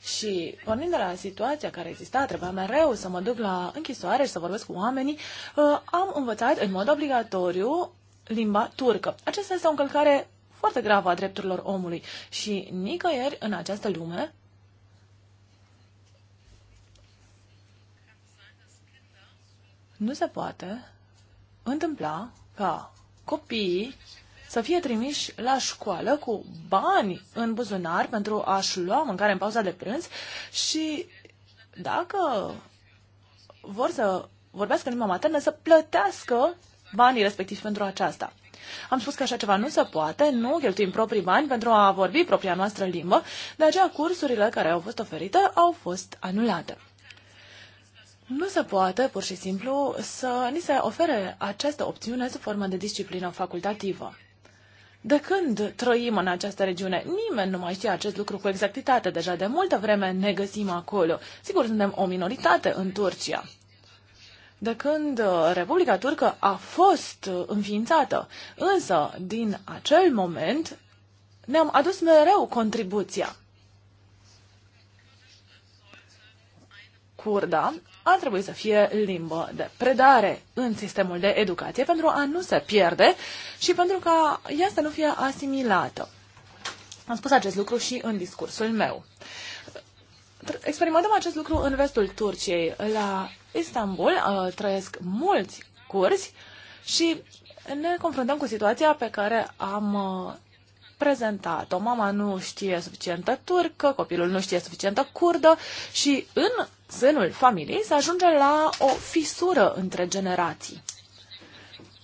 Și pornind de la situația care exista, trebuia mereu să mă duc la închisoare și să vorbesc cu oamenii, uh, am învățat în mod obligatoriu limba turcă. Aceasta este o încălcare foarte gravă a drepturilor omului și nicăieri în această lume nu se poate întâmpla ca copiii să fie trimiși la școală cu bani în buzunar pentru a-și lua mâncare în pauza de prânz și dacă vor să vorbească în limba maternă, să plătească banii respectivi pentru aceasta. Am spus că așa ceva nu se poate, nu cheltuim proprii bani pentru a vorbi propria noastră limbă, de aceea cursurile care au fost oferite au fost anulate. Nu se poate, pur și simplu, să ni se ofere această opțiune sub formă de disciplină facultativă. De când trăim în această regiune? Nimeni nu mai știe acest lucru cu exactitate. Deja de multă vreme ne găsim acolo. Sigur, suntem o minoritate în Turcia. De când uh, Republica Turcă a fost uh, înființată, însă din acel moment ne-am adus mereu contribuția. Curda ar trebui să fie limbă de predare în sistemul de educație pentru a nu se pierde și pentru ca ea să nu fie asimilată. Am spus acest lucru și în discursul meu. Experimentăm acest lucru în vestul Turciei. La Istanbul uh, trăiesc mulți curzi și ne confruntăm cu situația pe care am uh, prezentat-o. Mama nu știe suficientă turcă, copilul nu știe suficientă curdă și în sânul familiei se ajunge la o fisură între generații.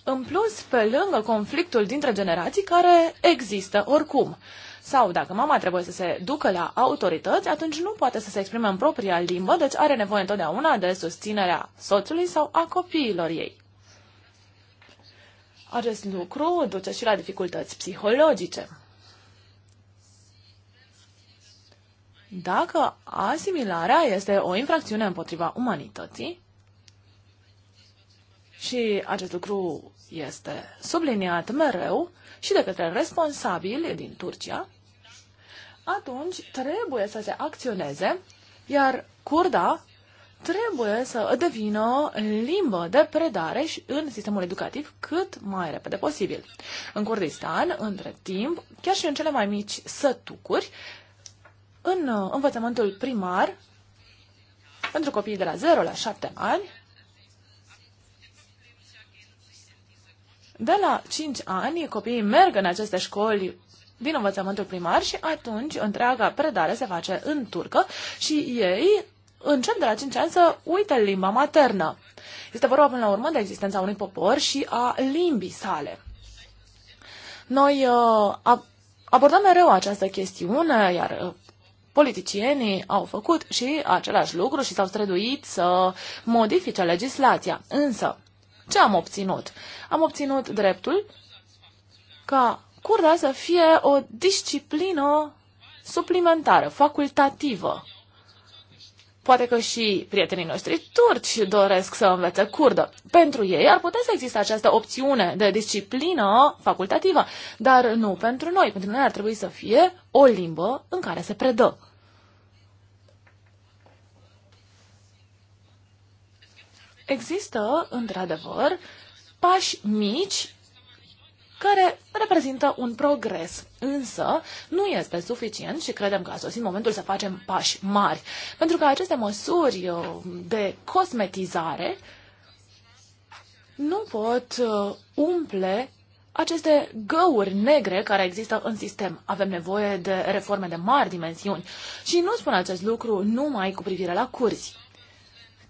În plus, pe lângă conflictul dintre generații care există oricum. Sau dacă mama trebuie să se ducă la autorități, atunci nu poate să se exprime în propria limbă, deci are nevoie întotdeauna de susținerea soțului sau a copiilor ei. Acest lucru duce și la dificultăți psihologice. dacă asimilarea este o infracțiune împotriva umanității și acest lucru este subliniat mereu și de către responsabili din Turcia, atunci trebuie să se acționeze, iar curda trebuie să devină limbă de predare și în sistemul educativ cât mai repede posibil. În Kurdistan, între timp, chiar și în cele mai mici sătucuri, în uh, învățământul primar, pentru copiii de la 0 la 7 ani, de la 5 ani copiii merg în aceste școli din învățământul primar și atunci întreaga predare se face în turcă și ei încep de la 5 ani să uite limba maternă. Este vorba până la urmă de existența unui popor și a limbii sale. Noi uh, abordăm mereu această chestiune, iar uh, politicienii au făcut și același lucru și s-au străduit să modifice legislația. Însă, ce am obținut? Am obținut dreptul ca curda să fie o disciplină suplimentară, facultativă. Poate că și prietenii noștri turci doresc să învețe curdă. Pentru ei ar putea să existe această opțiune de disciplină facultativă, dar nu pentru noi. Pentru noi ar trebui să fie o limbă în care se predă. Există, într-adevăr, pași mici care reprezintă un progres. Însă, nu este suficient și credem că a sosit momentul să facem pași mari, pentru că aceste măsuri uh, de cosmetizare nu pot uh, umple aceste găuri negre care există în sistem. Avem nevoie de reforme de mari dimensiuni. Și nu spun acest lucru numai cu privire la curzi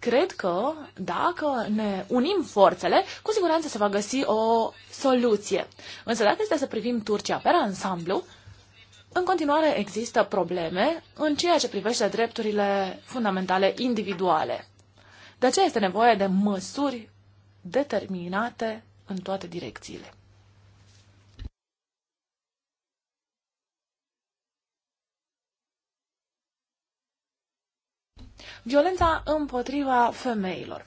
cred că dacă ne unim forțele, cu siguranță se va găsi o soluție. Însă dacă este să privim Turcia pe ansamblu, în continuare există probleme în ceea ce privește drepturile fundamentale individuale. De aceea este nevoie de măsuri determinate în toate direcțiile. violența împotriva femeilor.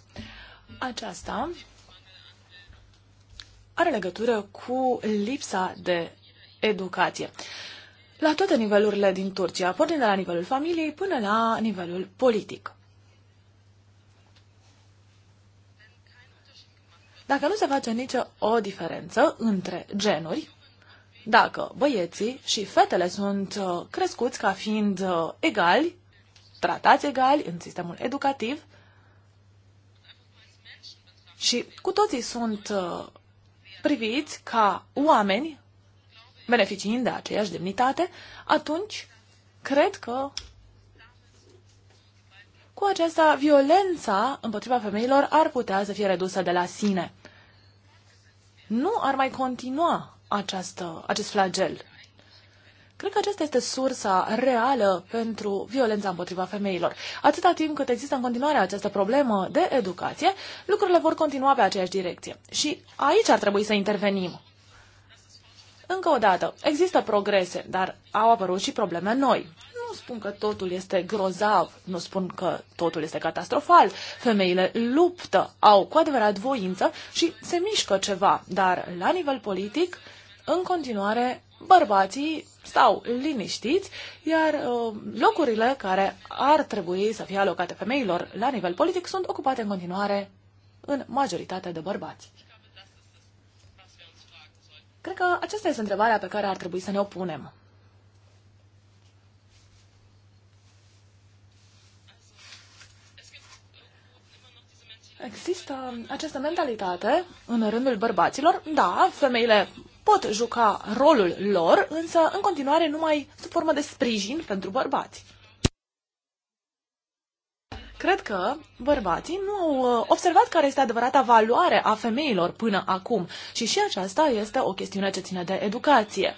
Aceasta are legătură cu lipsa de educație. La toate nivelurile din Turcia, pornind de la nivelul familiei până la nivelul politic. Dacă nu se face nicio o diferență între genuri, dacă băieții și fetele sunt uh, crescuți ca fiind uh, egali tratați egali în sistemul educativ și cu toții sunt uh, priviți ca oameni beneficiind de aceeași demnitate, atunci cred că cu aceasta violența împotriva femeilor ar putea să fie redusă de la sine. Nu ar mai continua această, acest flagel Cred că aceasta este sursa reală pentru violența împotriva femeilor. Atâta timp cât există în continuare această problemă de educație, lucrurile vor continua pe aceeași direcție. Și aici ar trebui să intervenim. Încă o dată, există progrese, dar au apărut și probleme noi. Nu spun că totul este grozav, nu spun că totul este catastrofal. Femeile luptă, au cu adevărat voință și se mișcă ceva, dar la nivel politic, în continuare, bărbații stau liniștiți, iar uh, locurile care ar trebui să fie alocate femeilor la nivel politic sunt ocupate în continuare în majoritate de bărbați. Cred că aceasta este întrebarea pe care ar trebui să ne o punem. Există această mentalitate în rândul bărbaților. Da, femeile pot juca rolul lor, însă în continuare numai sub formă de sprijin pentru bărbați. Cred că bărbații nu au uh, observat care este adevărata valoare a femeilor până acum și și aceasta este o chestiune ce ține de educație.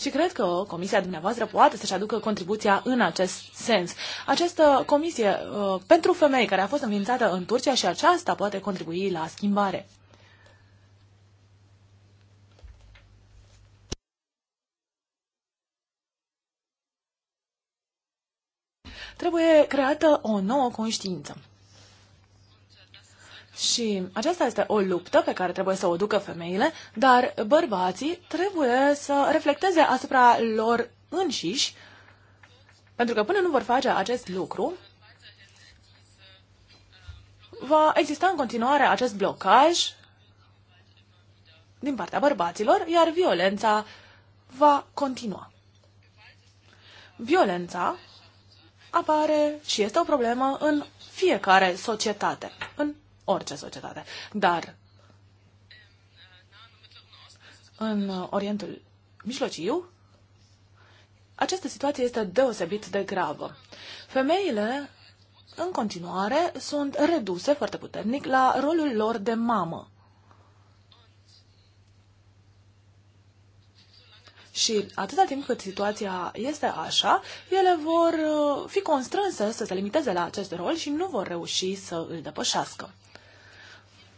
Și cred că comisia dumneavoastră poate să-și aducă contribuția în acest sens. Această comisie uh, pentru femei care a fost înființată în Turcia și aceasta poate contribui la schimbare. Trebuie creată o nouă conștiință. Și aceasta este o luptă pe care trebuie să o ducă femeile, dar bărbații trebuie să reflecteze asupra lor înșiși, pentru că până nu vor face acest lucru, va exista în continuare acest blocaj din partea bărbaților, iar violența va continua. Violența apare și este o problemă în fiecare societate, în orice societate. Dar în Orientul Mijlociu, această situație este deosebit de gravă. Femeile, în continuare, sunt reduse foarte puternic la rolul lor de mamă. Și atâta timp cât situația este așa, ele vor uh, fi constrânse să se limiteze la acest rol și nu vor reuși să îl depășească.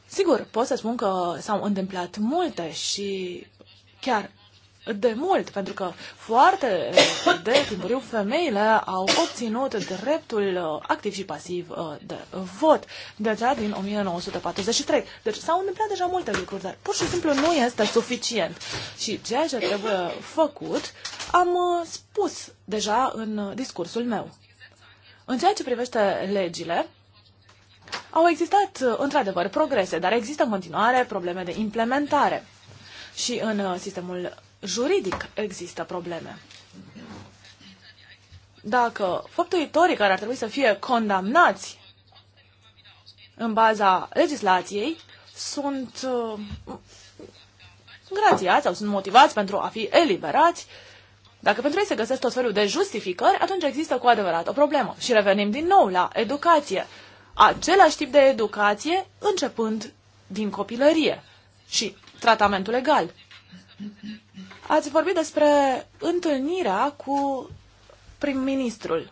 Sigur, pot să spun că s-au întâmplat multe și chiar de mult, pentru că foarte de timpuriu femeile au obținut dreptul uh, activ și pasiv uh, de vot, deja din 1943. Deci s-au întâmplat deja multe lucruri, dar pur și simplu nu este suficient. Și ceea ce trebuie făcut am uh, spus deja în discursul meu. În ceea ce privește legile, au existat într-adevăr progrese, dar există în continuare probleme de implementare. Și în sistemul juridic există probleme. Dacă făptuitorii care ar trebui să fie condamnați în baza legislației sunt uh, grațiați sau sunt motivați pentru a fi eliberați, dacă pentru ei se găsesc tot felul de justificări, atunci există cu adevărat o problemă. Și revenim din nou la educație. Același tip de educație începând din copilărie și tratamentul legal. Ați vorbit despre întâlnirea cu prim-ministrul.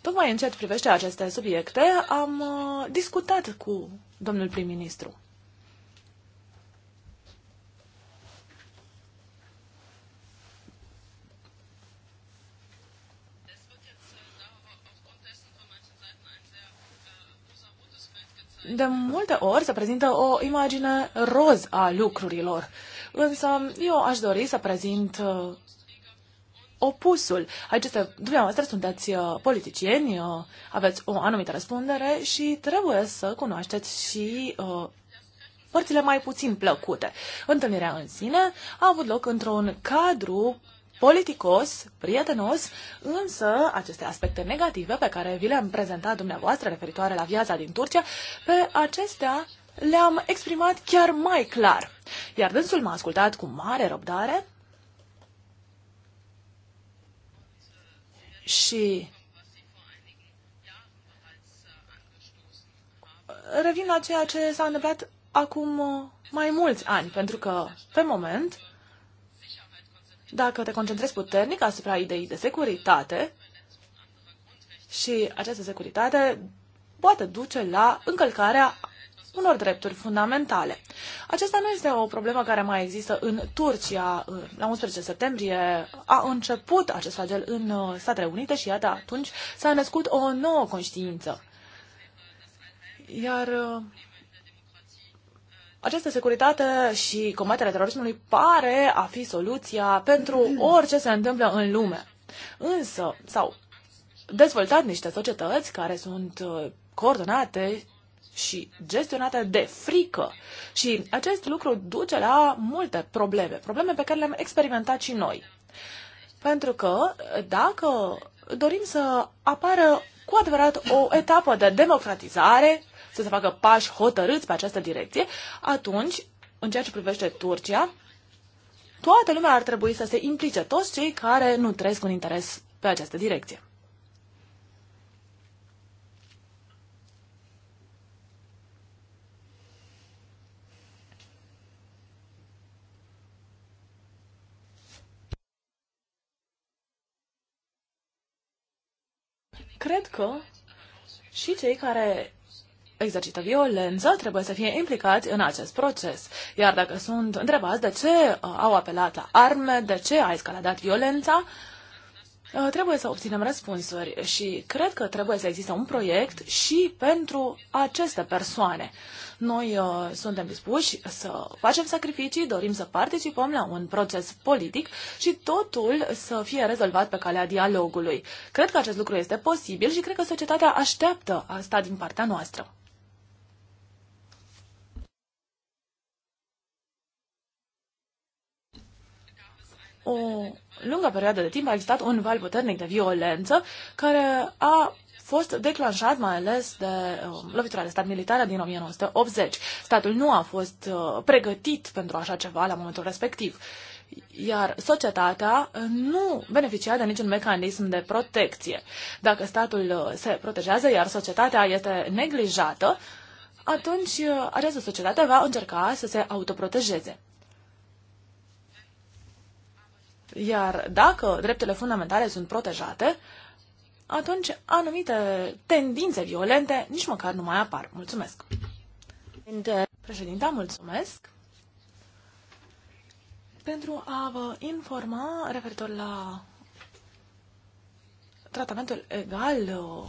Tocmai în ceea ce privește aceste subiecte, am uh, discutat cu domnul prim-ministru. De multe ori se prezintă o imagine roz a lucrurilor Însă eu aș dori să prezint uh, opusul. Aceste, dumneavoastră sunteți uh, politicieni, uh, aveți o anumită răspundere și trebuie să cunoașteți și uh, părțile mai puțin plăcute. Întâlnirea în sine a avut loc într-un cadru politicos, prietenos, însă aceste aspecte negative pe care vi le-am prezentat dumneavoastră referitoare la viața din Turcia, pe acestea le-am exprimat chiar mai clar. Iar dânsul m-a ascultat cu mare răbdare și revin la ceea ce s-a întâmplat acum mai mulți ani, pentru că, pe moment, dacă te concentrezi puternic asupra ideii de securitate, și această securitate poate duce la încălcarea unor drepturi fundamentale. Acesta nu este o problemă care mai există în Turcia. La 11 septembrie a început acest flagel în uh, Statele Unite și iată atunci s-a născut o nouă conștiință. Iar uh, această securitate și combaterea terorismului pare a fi soluția pentru orice se întâmplă în lume. Însă, sau dezvoltat niște societăți care sunt uh, coordonate și gestionate de frică. Și acest lucru duce la multe probleme, probleme pe care le-am experimentat și noi. Pentru că dacă dorim să apară cu adevărat o etapă de democratizare, să se facă pași hotărâți pe această direcție, atunci, în ceea ce privește Turcia, toată lumea ar trebui să se implice, toți cei care nu trăiesc un interes pe această direcție. cred că și cei care exercită violență trebuie să fie implicați în acest proces. Iar dacă sunt întrebați de ce uh, au apelat la arme, de ce a escaladat violența, uh, Uh, trebuie să obținem răspunsuri și cred că trebuie să existe un proiect și pentru aceste persoane. Noi uh, suntem dispuși să facem sacrificii, dorim să participăm la un proces politic și totul să fie rezolvat pe calea dialogului. Cred că acest lucru este posibil și cred că societatea așteaptă asta din partea noastră. o lungă perioadă de timp a existat un val puternic de violență care a fost declanșat mai ales de uh, lovitura de stat militară din 1980. Statul nu a fost uh, pregătit pentru așa ceva la momentul respectiv, iar societatea nu beneficia de niciun mecanism de protecție. Dacă statul uh, se protejează, iar societatea este neglijată, atunci uh, această societate va încerca să se autoprotejeze. Iar dacă drepturile fundamentale sunt protejate, atunci anumite tendințe violente nici măcar nu mai apar. Mulțumesc! Președinta, mulțumesc! Pentru a vă informa referitor la tratamentul egal uh,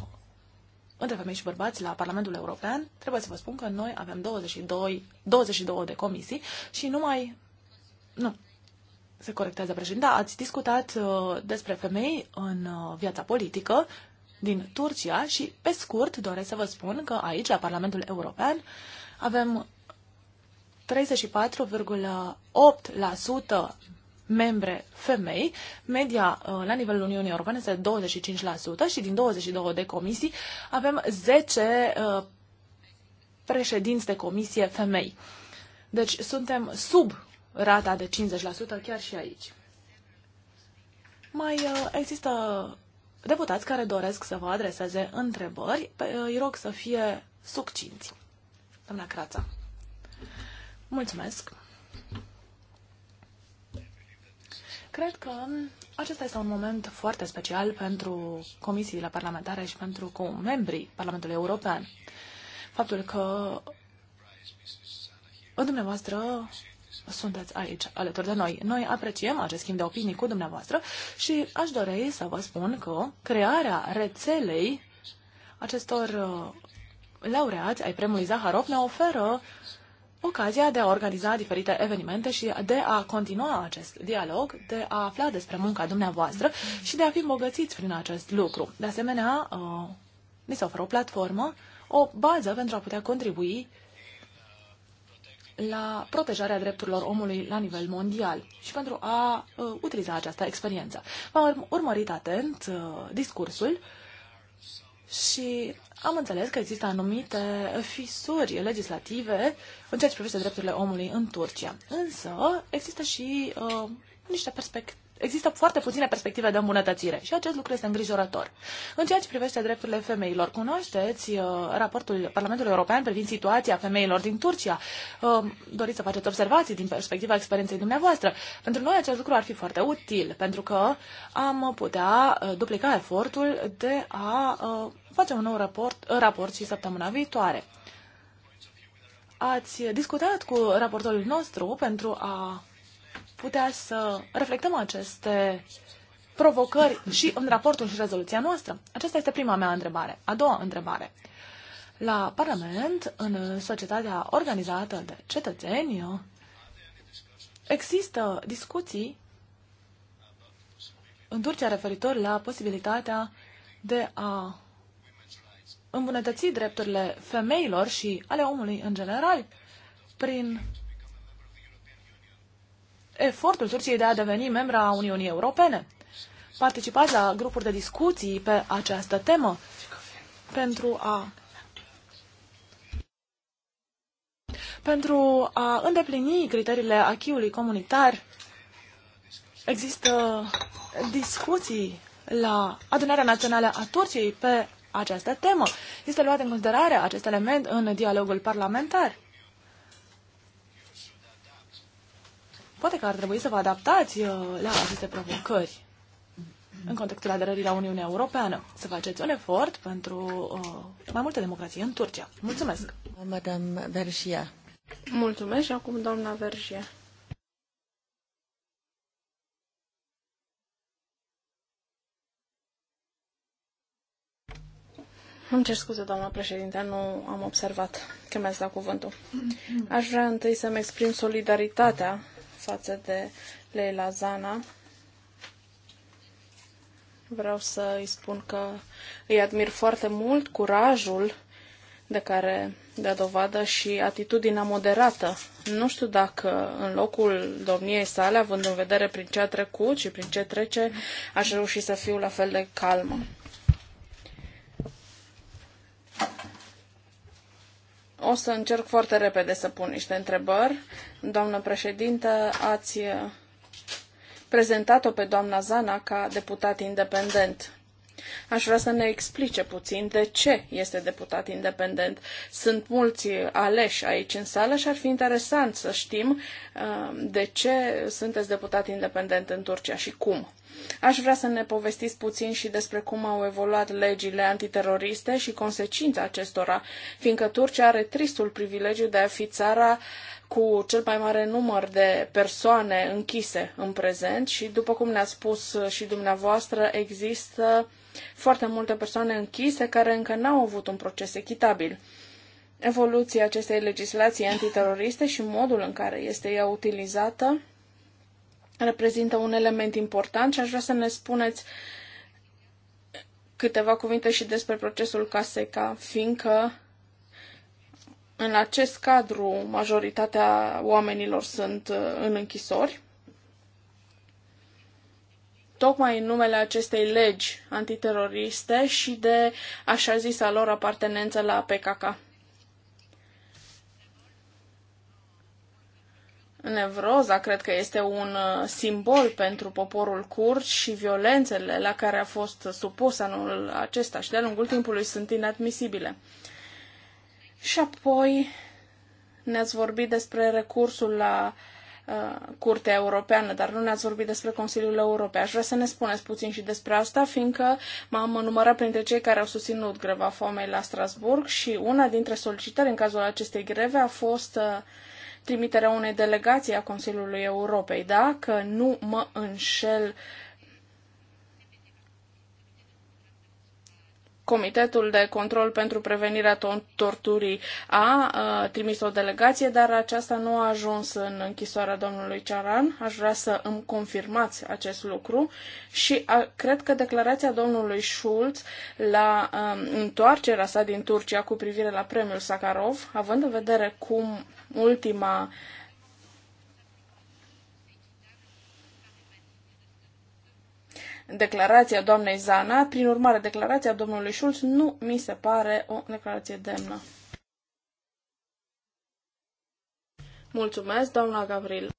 între femei și bărbați la Parlamentul European, trebuie să vă spun că noi avem 22, 22 de comisii și numai, nu, se corectează președinta, ați discutat uh, despre femei în uh, viața politică din Turcia și, pe scurt, doresc să vă spun că aici, la Parlamentul European, avem 34,8% membre femei, media uh, la nivelul Uniunii Europene este 25% și din 22 de comisii avem 10 uh, președinți de comisie femei. Deci suntem sub rata de 50% chiar și aici. Mai uh, există deputați care doresc să vă adreseze întrebări. Uh, îi rog să fie succinți. Doamna Crața. Mulțumesc. Cred că acesta este un moment foarte special pentru comisiile parlamentare și pentru membrii Parlamentului European. Faptul că dumneavoastră sunteți aici alături de noi. Noi apreciem acest schimb de opinii cu dumneavoastră și aș dori să vă spun că crearea rețelei acestor uh, laureați ai premiului Zaharov ne oferă ocazia de a organiza diferite evenimente și de a continua acest dialog, de a afla despre munca dumneavoastră și de a fi îmbogățiți prin acest lucru. De asemenea, uh, ni se oferă o platformă, o bază pentru a putea contribui la protejarea drepturilor omului la nivel mondial și pentru a uh, utiliza această experiență. V-am urmărit atent uh, discursul și am înțeles că există anumite fisuri legislative în ceea ce privește drepturile omului în Turcia. Însă există și uh, niște perspective există foarte puține perspective de îmbunătățire și acest lucru este îngrijorător. În ceea ce privește drepturile femeilor, cunoașteți uh, raportul Parlamentului European privind situația femeilor din Turcia. Uh, doriți să faceți observații din perspectiva experienței dumneavoastră. Pentru noi acest lucru ar fi foarte util, pentru că am putea uh, duplica efortul de a uh, face un nou raport, uh, raport și săptămâna viitoare. Ați discutat cu raportorul nostru pentru a putea să reflectăm aceste provocări și în raportul și rezoluția noastră? Aceasta este prima mea întrebare. A doua întrebare. La Parlament, în societatea organizată de cetățeni, există discuții în Turcia referitor la posibilitatea de a îmbunătăți drepturile femeilor și ale omului în general prin efortul Turciei de a deveni membra a Uniunii Europene. Participați la grupuri de discuții pe această temă pentru a pentru a îndeplini criteriile achiului comunitar există discuții la Adunarea Națională a Turciei pe această temă. Este luat în considerare acest element în dialogul parlamentar. Poate că ar trebui să vă adaptați uh, la aceste provocări în contextul aderării la Uniunea Europeană, să faceți un efort pentru uh, mai multă democrație în Turcia. Mulțumesc! Madame Vergia. Mulțumesc și acum doamna Vergia. Îmi cer scuze, doamna președinte, nu am observat că mi-ați dat cuvântul. Aș vrea întâi să-mi exprim solidaritatea față de Leila Zana. Vreau să îi spun că îi admir foarte mult curajul de care dea dovadă și atitudinea moderată. Nu știu dacă în locul domniei sale, având în vedere prin ce a trecut și prin ce trece, aș reuși să fiu la fel de calmă. O să încerc foarte repede să pun niște întrebări. Doamnă președintă, ați uh, prezentat-o pe doamna Zana ca deputat independent. Aș vrea să ne explice puțin de ce este deputat independent. Sunt mulți aleși aici în sală și ar fi interesant să știm uh, de ce sunteți deputat independent în Turcia și cum. Aș vrea să ne povestiți puțin și despre cum au evoluat legile antiteroriste și consecința acestora, fiindcă Turcia are tristul privilegiu de a fi țara cu cel mai mare număr de persoane închise în prezent și, după cum ne-a spus și dumneavoastră, există foarte multe persoane închise care încă n-au avut un proces echitabil. Evoluția acestei legislații antiteroriste și modul în care este ea utilizată reprezintă un element important și aș vrea să ne spuneți câteva cuvinte și despre procesul CASECA, fiindcă în acest cadru majoritatea oamenilor sunt uh, în închisori. Tocmai în numele acestei legi antiteroriste și de așa zisa lor apartenență la PKK. Nevroza cred că este un uh, simbol pentru poporul curd și violențele la care a fost supus anul acesta și de-a lungul timpului sunt inadmisibile. Și apoi ne-ați vorbit despre recursul la uh, Curtea Europeană, dar nu ne-ați vorbit despre Consiliul European. Aș vrea să ne spuneți puțin și despre asta, fiindcă m-am numărat printre cei care au susținut greva foamei la Strasburg și una dintre solicitări în cazul acestei greve a fost uh, trimiterea unei delegații a Consiliului Europei. Dacă nu mă înșel, Comitetul de Control pentru Prevenirea Torturii a, trimis o delegație, dar aceasta nu a ajuns în închisoarea domnului Cearan. Aș vrea să îmi confirmați acest lucru și a, cred că declarația domnului Schulz la întoarcerea sa din Turcia cu privire la premiul Sakharov, având în vedere cum ultima uh, declarația doamnei Zana, prin urmare declarația domnului Schulz nu mi se pare o declarație demnă. Mulțumesc, doamna Gavril.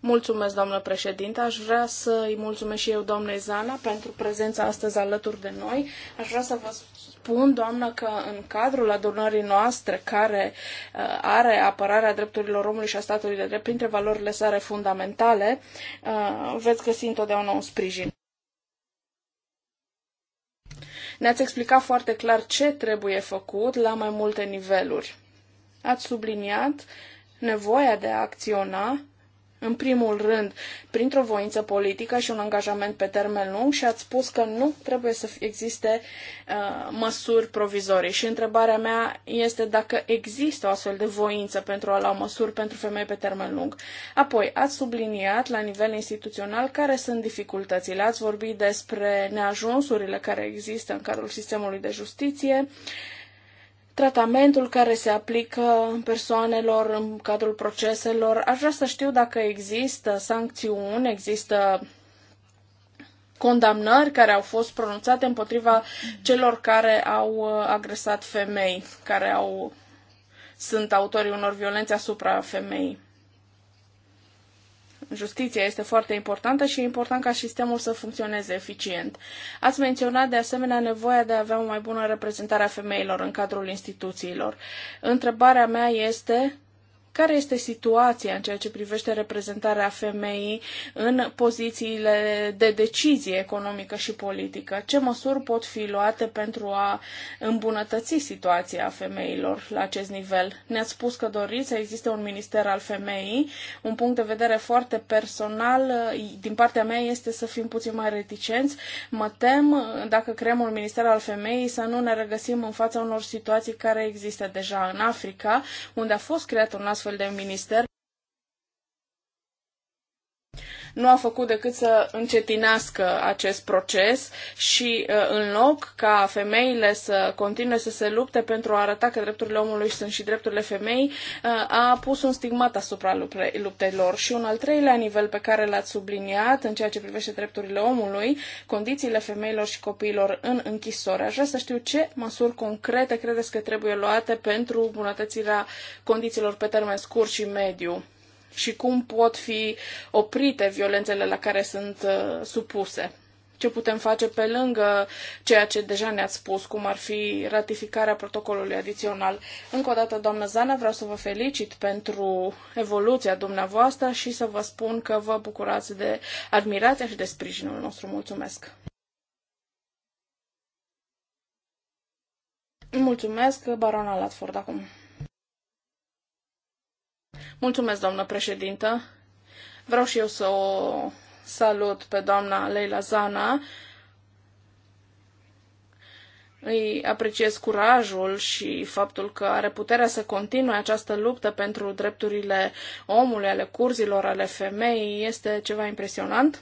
Mulțumesc, doamnă președinte. Aș vrea să îi mulțumesc și eu, doamnei Zana, pentru prezența astăzi alături de noi. Aș vrea să vă spun, doamnă, că în cadrul adunării noastre, care uh, are apărarea drepturilor omului și a statului de drept printre valorile sale fundamentale, uh, veți găsi întotdeauna un sprijin. Ne-ați explicat foarte clar ce trebuie făcut la mai multe niveluri. Ați subliniat nevoia de a acționa în primul rând, printr-o voință politică și un angajament pe termen lung și ați spus că nu trebuie să existe uh, măsuri provizorii. Și întrebarea mea este dacă există o astfel de voință pentru a lua măsuri pentru femei pe termen lung. Apoi, ați subliniat la nivel instituțional care sunt dificultățile. Ați vorbit despre neajunsurile care există în cadrul sistemului de justiție. Uh, tratamentul care se aplică persoanelor în cadrul proceselor. Aș vrea să știu dacă există sancțiuni, există condamnări care au fost pronunțate împotriva celor care au uh, agresat femei, care au, sunt autorii unor violențe asupra femeii. Justiția este foarte importantă și e important ca sistemul să funcționeze eficient. Ați menționat de asemenea nevoia de a avea o mai bună reprezentare a femeilor în cadrul instituțiilor. Întrebarea mea este care este situația în ceea ce privește reprezentarea femeii în pozițiile de decizie economică și politică? Ce măsuri pot fi luate pentru a îmbunătăți situația femeilor la acest nivel? Ne-ați spus că doriți să existe un minister al femeii. Un punct de vedere foarte personal eh, din partea mea este să fim puțin mai reticenți. Mă tem eh, dacă creăm un minister al femeii să nu ne regăsim în fața unor situații care există deja în Africa, unde a fost creat un astfel astfel de minister nu a făcut decât să încetinească acest proces și uh, în loc ca femeile să continue să se lupte pentru a arăta că drepturile omului sunt și drepturile femei, uh, a pus un stigmat asupra luptei lor. Și un al treilea nivel pe care l-ați subliniat în ceea ce privește drepturile omului, condițiile femeilor și copiilor în închisoare. Aș vrea să știu ce măsuri concrete credeți că trebuie luate pentru bunătățirea condițiilor pe termen scurt și mediu și cum pot fi oprite violențele la care sunt uh, supuse. Ce putem face pe lângă ceea ce deja ne-ați spus, cum ar fi ratificarea protocolului adițional. Încă o dată, doamnă Zana, vreau să vă felicit pentru evoluția dumneavoastră și să vă spun că vă bucurați de admirația și de sprijinul nostru. Mulțumesc! Mulțumesc, barona Latford, acum. Mulțumesc, doamnă președintă. Vreau și eu să o salut pe doamna Leila Zana. Îi apreciez curajul și faptul că are puterea să continue această luptă pentru drepturile omului, ale curzilor, ale femeii. Este ceva impresionant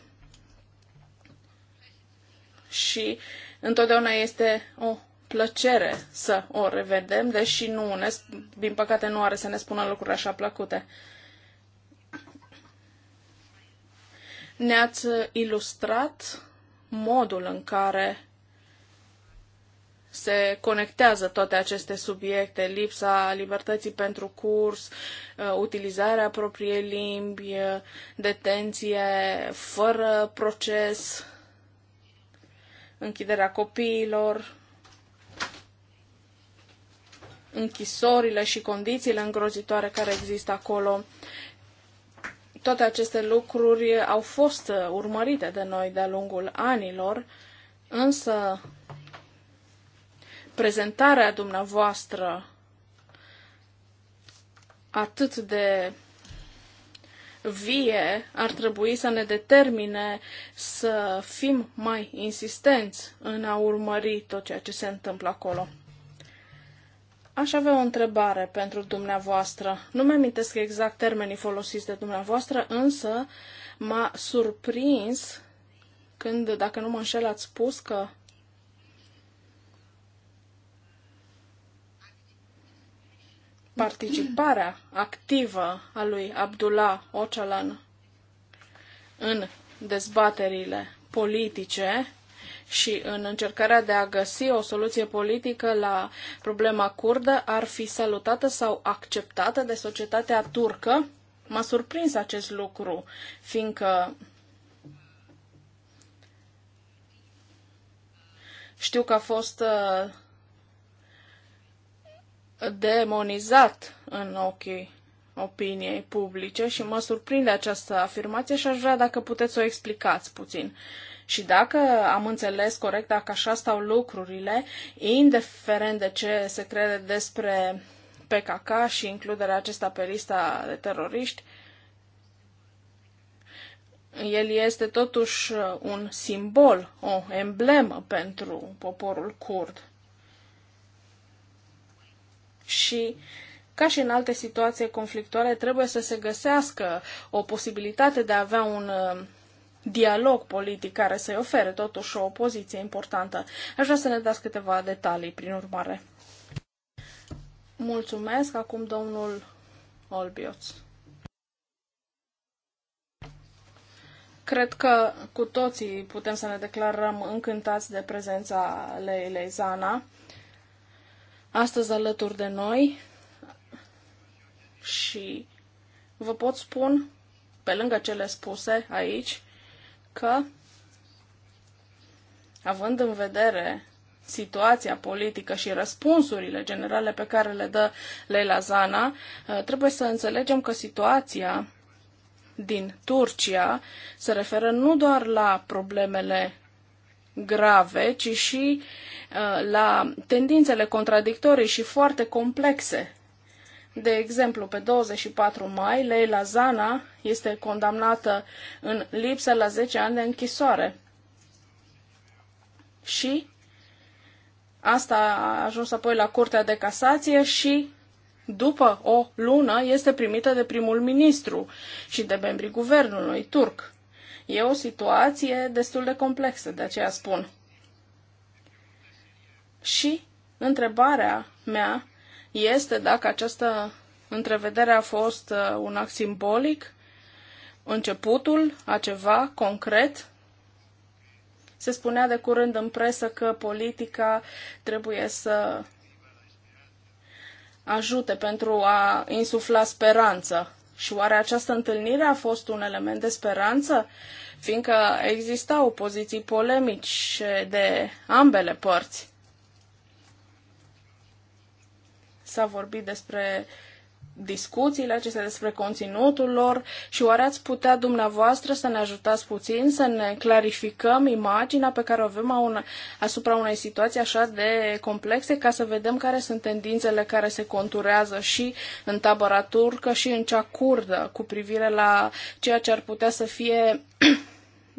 și întotdeauna este o plăcere să o revedem, deși nu ne, din păcate nu are să ne spună lucruri așa plăcute. Ne-ați ilustrat modul în care se conectează toate aceste subiecte, lipsa libertății pentru curs, uh, utilizarea propriei limbi, uh, detenție fără proces, închiderea copiilor, închisorile și condițiile îngrozitoare care există acolo. Toate aceste lucruri au fost uh, urmărite de noi de-a lungul anilor, însă prezentarea dumneavoastră atât de vie ar trebui să ne determine să fim mai insistenți în a urmări tot ceea ce se întâmplă acolo. Aș avea o întrebare pentru dumneavoastră. Nu mi-amintesc exact termenii folosiți de dumneavoastră, însă m-a surprins când, dacă nu mă înșel, ați spus că participarea activă a lui Abdullah Ocalan în dezbaterile politice și în încercarea de a găsi o soluție politică la problema curdă ar fi salutată sau acceptată de societatea turcă. M-a surprins acest lucru, fiindcă știu că a fost uh, demonizat în ochii opiniei publice și mă surprinde această afirmație și aș vrea dacă puteți să o explicați puțin. Și dacă am înțeles corect, dacă așa stau lucrurile, indiferent de ce se crede despre PKK și includerea acesta pe lista de teroriști, el este totuși un simbol, o emblemă pentru poporul curd. Și ca și în alte situații conflictuale, trebuie să se găsească o posibilitate de a avea un dialog politic care să-i ofere totuși o poziție importantă. Aș vrea să ne dați câteva detalii, prin urmare. Mulțumesc. Acum domnul Olbioț. Cred că cu toții putem să ne declarăm încântați de prezența lei Leizana astăzi alături de noi și vă pot spun, pe lângă cele spuse aici, că, având în vedere situația politică și răspunsurile generale pe care le dă Leila Zana, uh, trebuie să înțelegem că situația din Turcia se referă nu doar la problemele grave, ci și uh, la tendințele contradictorii și foarte complexe de exemplu, pe 24 mai, Leila Zana este condamnată în lipsă la 10 ani de închisoare. Și asta a ajuns apoi la Curtea de Casație și după o lună este primită de primul ministru și de membrii guvernului turc. E o situație destul de complexă, de aceea spun. Și întrebarea mea este dacă această întrevedere a fost uh, un act simbolic, începutul a ceva concret. Se spunea de curând în presă că politica trebuie să ajute pentru a insufla speranță. Și oare această întâlnire a fost un element de speranță? Fiindcă existau poziții polemici de ambele părți. S-a vorbit despre discuțiile acestea, despre conținutul lor și oare ați putea dumneavoastră să ne ajutați puțin, să ne clarificăm imaginea pe care o avem asupra unei situații așa de complexe ca să vedem care sunt tendințele care se conturează și în tabăra turcă și în cea curdă cu privire la ceea ce ar putea să fie [CLEARS THROAT]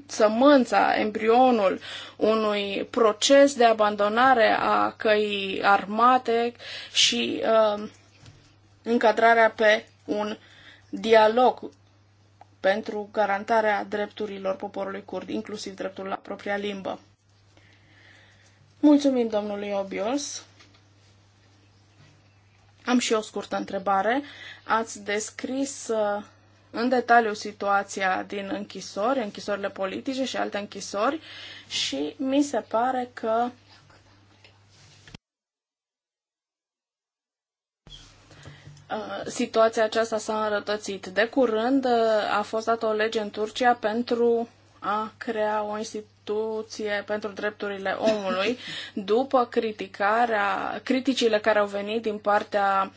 sămânța, embrionul unui proces de abandonare a căii armate și uh, încadrarea pe un dialog pentru garantarea drepturilor poporului curd, inclusiv dreptul la propria limbă. Mulțumim domnului Obios. Am și o scurtă întrebare. Ați descris uh, în detaliu situația din închisori, închisorile politice și alte închisori și mi se pare că situația aceasta s-a înrătățit. De curând a fost dată o lege în Turcia pentru a crea o instituție instituție pentru drepturile omului [LAUGHS] după criticarea, criticile care au venit din partea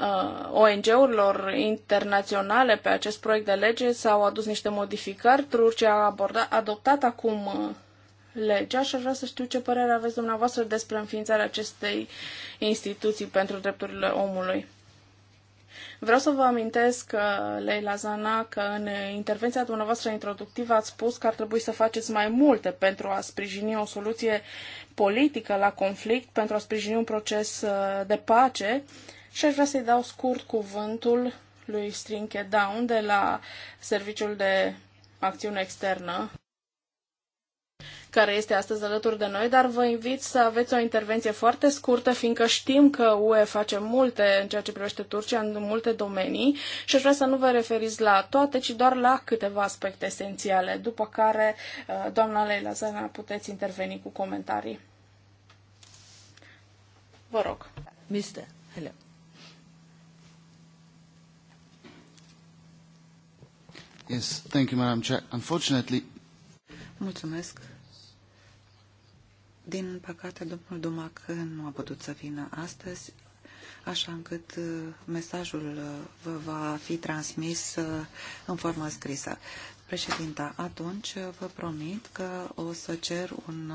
uh, ONG-urilor internaționale pe acest proiect de lege s-au adus niște modificări. Turcia a abordat, adoptat acum uh, legea și aș vrea să știu ce părere aveți dumneavoastră despre înființarea acestei instituții pentru drepturile omului. Vreau să vă amintesc, uh, Leila Zana, că în intervenția dumneavoastră introductivă ați spus că ar trebui să faceți mai multe pentru a sprijini o soluție politică la conflict, pentru a sprijini un proces uh, de pace și aș vrea să-i dau scurt cuvântul lui Strinke Down de la Serviciul de Acțiune Externă care este astăzi alături de noi, dar vă invit să aveți o intervenție foarte scurtă, fiindcă știm că UE face multe în ceea ce privește Turcia în multe domenii și aș vrea să nu vă referiți la toate, ci doar la câteva aspecte esențiale, după care, uh, doamna Leila Zana, puteți interveni cu comentarii. Vă rog. Mister, hello. Yes, thank you, Madam Chair. Unfortunately... Mulțumesc, din păcate, domnul Dumac nu a putut să vină astăzi, așa încât uh, mesajul uh, vă va fi transmis uh, în formă scrisă. Președinta, atunci vă promit că o să cer un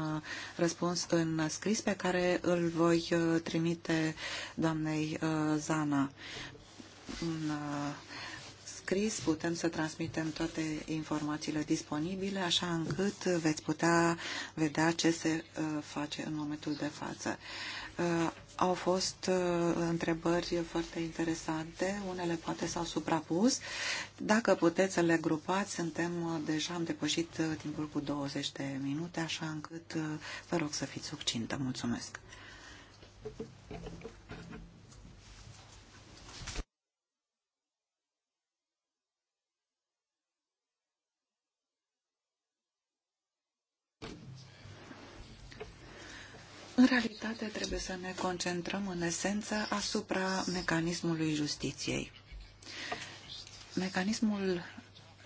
răspuns în scris pe care îl voi trimite doamnei Zana scris putem să transmitem toate informațiile disponibile, așa încât veți putea vedea ce se uh, face în momentul de față. Uh, au fost uh, întrebări foarte interesante, unele poate s-au suprapus. Dacă puteți să le grupați, suntem deja am depășit timpul cu 20 de minute, așa încât vă rog să fiți succintă. Mulțumesc! În realitate trebuie să ne concentrăm în esență asupra mecanismului justiției. Mecanismul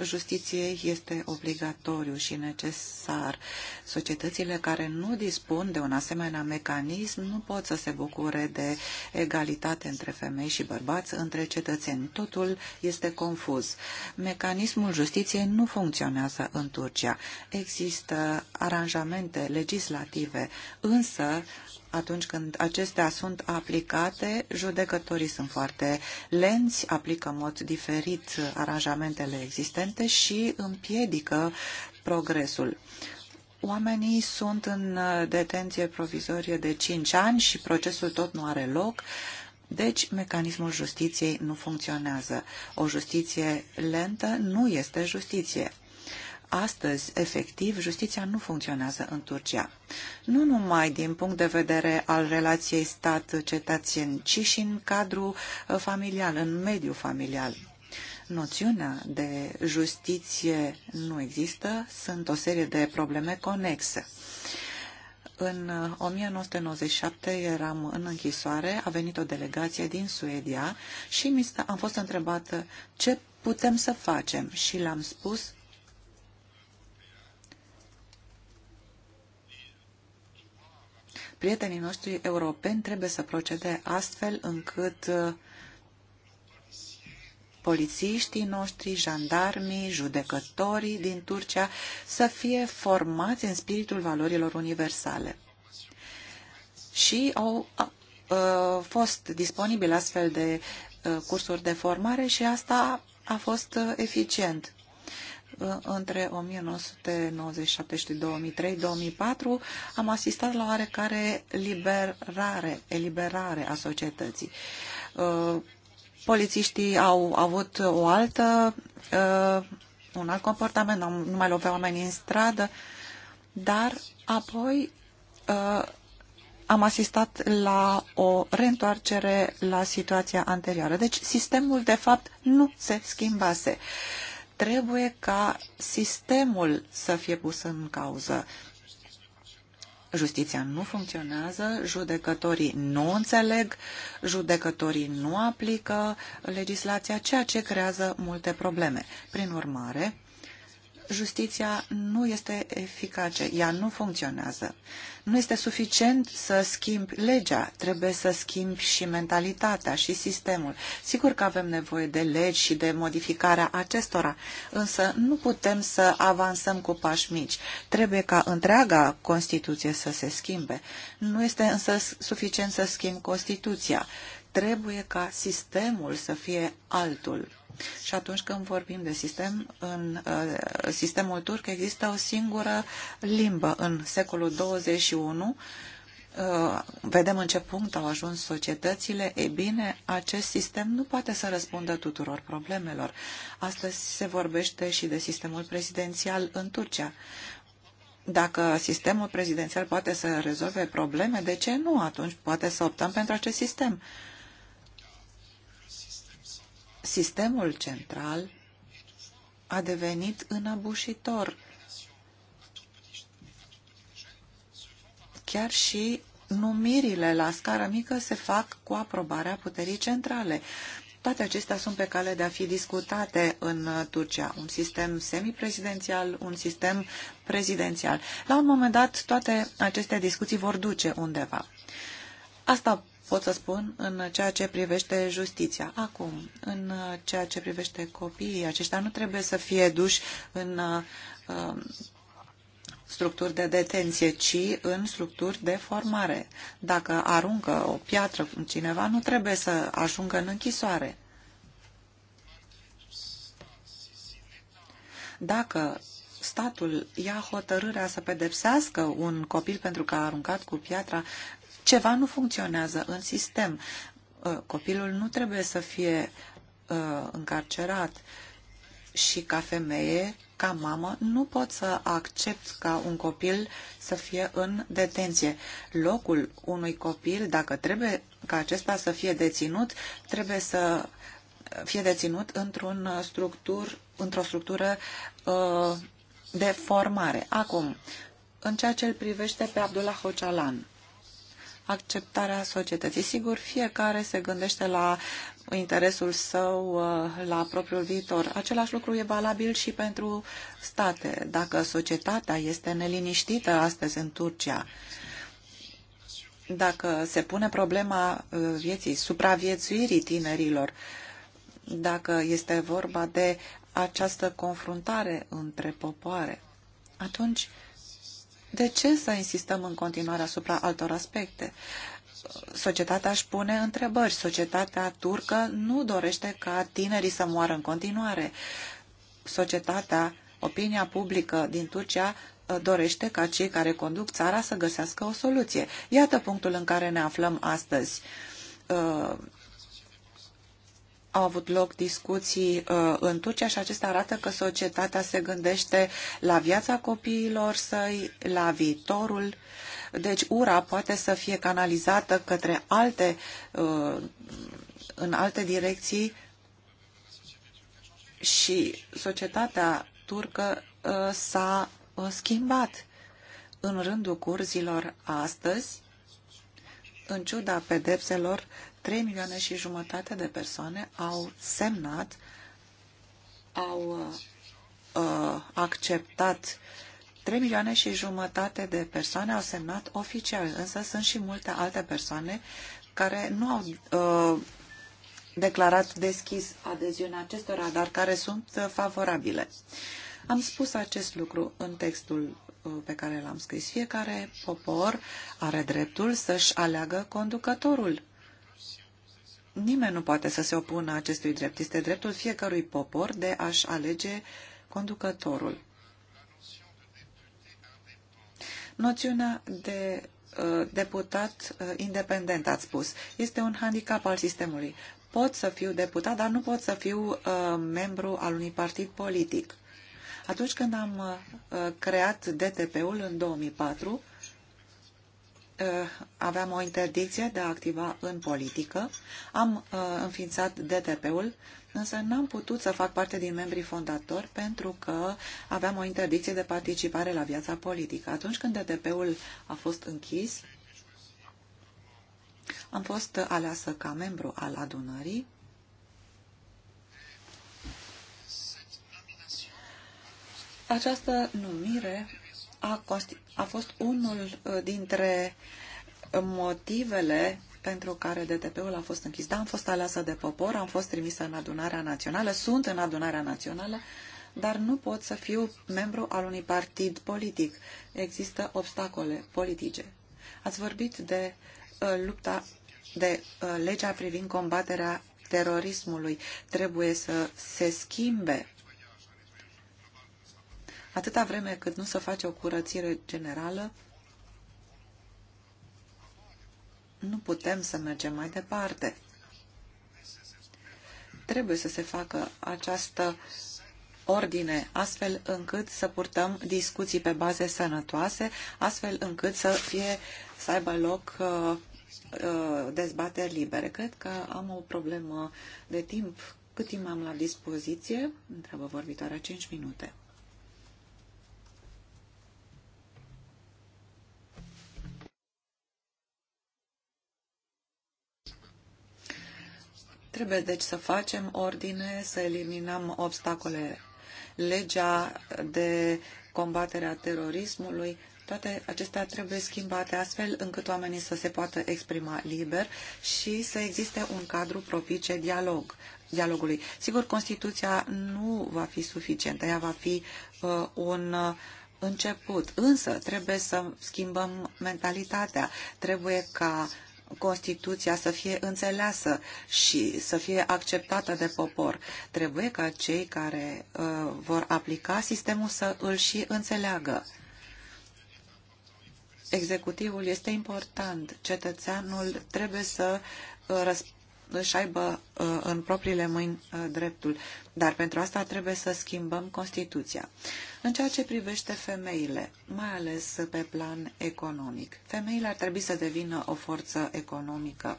justiției este obligatoriu și necesar. Societățile care nu dispun de un asemenea mecanism nu pot să se bucure de egalitate între femei și bărbați, între cetățeni. Totul este confuz. Mecanismul justiției nu funcționează în Turcia. Există aranjamente legislative, însă atunci când acestea sunt aplicate, judecătorii sunt foarte lenți, aplică în mod diferit aranjamentele existente și împiedică progresul. Oamenii sunt în detenție provizorie de 5 ani și procesul tot nu are loc. Deci, mecanismul justiției nu funcționează. O justiție lentă nu este justiție. Astăzi, efectiv, justiția nu funcționează în Turcia. Nu numai din punct de vedere al relației stat cetățeni ci și în cadrul uh, familial, în mediul familial. Noțiunea de justiție nu există, sunt o serie de probleme conexe. În 1997 uh, eram în închisoare, a venit o delegație din Suedia și am fost întrebată ce putem să facem și l-am spus prietenii noștri europeni trebuie să procede astfel încât uh, polițiștii noștri, jandarmii, judecătorii din Turcia să fie formați în spiritul valorilor universale. Și au a, a, fost disponibile astfel de a, uh, cursuri de formare și asta a fost uh, eficient între 1997 și 2003-2004 am asistat la oarecare liberare, eliberare a societății. Uh, polițiștii au avut o altă, uh, un alt comportament, nu mai loveau oameni în stradă, dar apoi uh, am asistat la o reîntoarcere la situația anterioară. Deci sistemul, de fapt, nu se schimbase. Uh, Trebuie ca sistemul să fie pus în cauză. Justiția nu funcționează, judecătorii nu înțeleg, judecătorii nu aplică legislația, ceea ce creează multe probleme. Prin urmare, justiția nu este eficace, ea nu funcționează. Nu este suficient să schimbi legea, trebuie să schimbi și mentalitatea și sistemul. Sigur că avem nevoie de legi și de modificarea acestora, însă nu putem să avansăm cu pași mici. Trebuie ca întreaga Constituție să se schimbe. Nu este însă suficient să schimbi Constituția. Trebuie ca sistemul să fie altul și atunci când vorbim de sistem, în uh, sistemul turc există o singură limbă. În secolul 21 uh, vedem în ce punct au ajuns societățile, e bine, acest sistem nu poate să răspundă tuturor problemelor. Astăzi se vorbește și de sistemul prezidențial în Turcia. Dacă sistemul prezidențial poate să rezolve probleme, de ce nu? Atunci poate să optăm pentru acest sistem. Uh, sistemul central a devenit înăbușitor. Chiar și numirile la scară mică se fac cu aprobarea puterii centrale. Toate acestea sunt pe cale de a fi discutate în Turcia. Un sistem semiprezidențial, un sistem prezidențial. La un moment dat, toate aceste discuții vor duce undeva. Asta pot să spun în ceea ce privește justiția. Acum, în ceea ce privește copiii, aceștia nu trebuie să fie duși în um, structuri de detenție, ci în structuri de formare. Dacă aruncă o piatră în cineva, nu trebuie să ajungă în închisoare. Dacă statul ia hotărârea să pedepsească un copil pentru că a aruncat cu piatra, ceva nu funcționează în sistem. Uh, copilul nu trebuie să fie uh, încarcerat și ca femeie, ca mamă, nu pot să accept ca un copil să fie în detenție. Locul unui copil, dacă trebuie ca acesta să fie deținut, trebuie să fie deținut într-un structur, într-o structură uh, de formare. Acum, în ceea ce îl privește pe Abdullah Hocalan, acceptarea societății. Sigur, fiecare se gândește la interesul său, uh, la propriul viitor. Același lucru e valabil și pentru state. Dacă societatea este neliniștită astăzi în Turcia, dacă se pune problema uh, vieții, supraviețuirii tinerilor, dacă este vorba de această confruntare între popoare, atunci de ce să insistăm în continuare asupra altor aspecte? Societatea își pune întrebări. Societatea turcă nu dorește ca tinerii să moară în continuare. Societatea, opinia publică din Turcia uh, dorește ca cei care conduc țara să găsească o soluție. Iată punctul în care ne aflăm astăzi uh, au avut loc discuții uh, în Turcia și acesta arată că societatea se gândește la viața copiilor săi, la viitorul. Deci ura poate să fie canalizată către alte, uh, în alte direcții și societatea turcă uh, s-a uh, schimbat în rândul curzilor astăzi în ciuda pedepselor 3 milioane și jumătate de persoane au semnat, au uh, uh acceptat 3 milioane și jumătate de persoane au semnat oficial, însă sunt și multe alte persoane care nu au uh, declarat deschis adeziunea acestora, dar care sunt uh, favorabile. Am spus acest lucru în textul uh, pe care l-am scris. Fiecare popor are dreptul să-și aleagă conducătorul Nimeni nu poate să se opună acestui drept. Este dreptul fiecărui popor de a-și alege conducătorul. Noțiunea de uh, deputat uh, independent, ați spus, este un handicap al sistemului. Pot să fiu deputat, dar nu pot să fiu uh, membru al unui partid politic. Atunci când am uh, creat DTP-ul în 2004, Eh, aveam o interdicție de a activa în politică. Am eh, înființat DTP-ul, însă n-am putut să fac parte din membrii fondatori pentru că aveam o interdicție de participare la viața politică. Atunci când DTP-ul a fost închis, am fost aleasă ca membru al adunării Această numire a, a fost unul uh, dintre uh, motivele pentru care DTP-ul a fost închis. Da, am fost aleasă de popor, am fost trimisă în adunarea națională, sunt în adunarea națională, dar nu pot să fiu membru al unui partid politic. Există obstacole politice. Ați vorbit de uh, lupta, de uh, legea privind combaterea terorismului. Trebuie să se schimbe Atâta vreme cât nu se face o curățire generală, nu putem să mergem mai departe. Trebuie să se facă această ordine, astfel încât să purtăm discuții pe baze sănătoase, astfel încât să, fie, să aibă loc uh, uh, dezbateri libere. Cred că am o problemă de timp. Cât timp am la dispoziție? Întreabă vorbitoarea 5 minute. Trebuie deci să facem ordine, să eliminăm obstacole. Legea de combatere a terorismului, toate acestea trebuie schimbate astfel încât oamenii să se poată exprima liber și să existe un cadru propice dialog, dialogului. Sigur, Constituția nu va fi suficientă, ea va fi uh, un uh, început, însă trebuie să schimbăm mentalitatea. Trebuie ca uh, Constituția să fie înțeleasă și să fie acceptată de popor. Trebuie ca cei care uh, vor aplica sistemul să îl și înțeleagă. Executivul este important. Cetățeanul trebuie să uh, răspundă își aibă uh, în propriile mâini uh, dreptul, dar pentru asta trebuie să schimbăm Constituția. În ceea ce privește femeile, mai ales pe plan economic, femeile ar trebui să devină o forță economică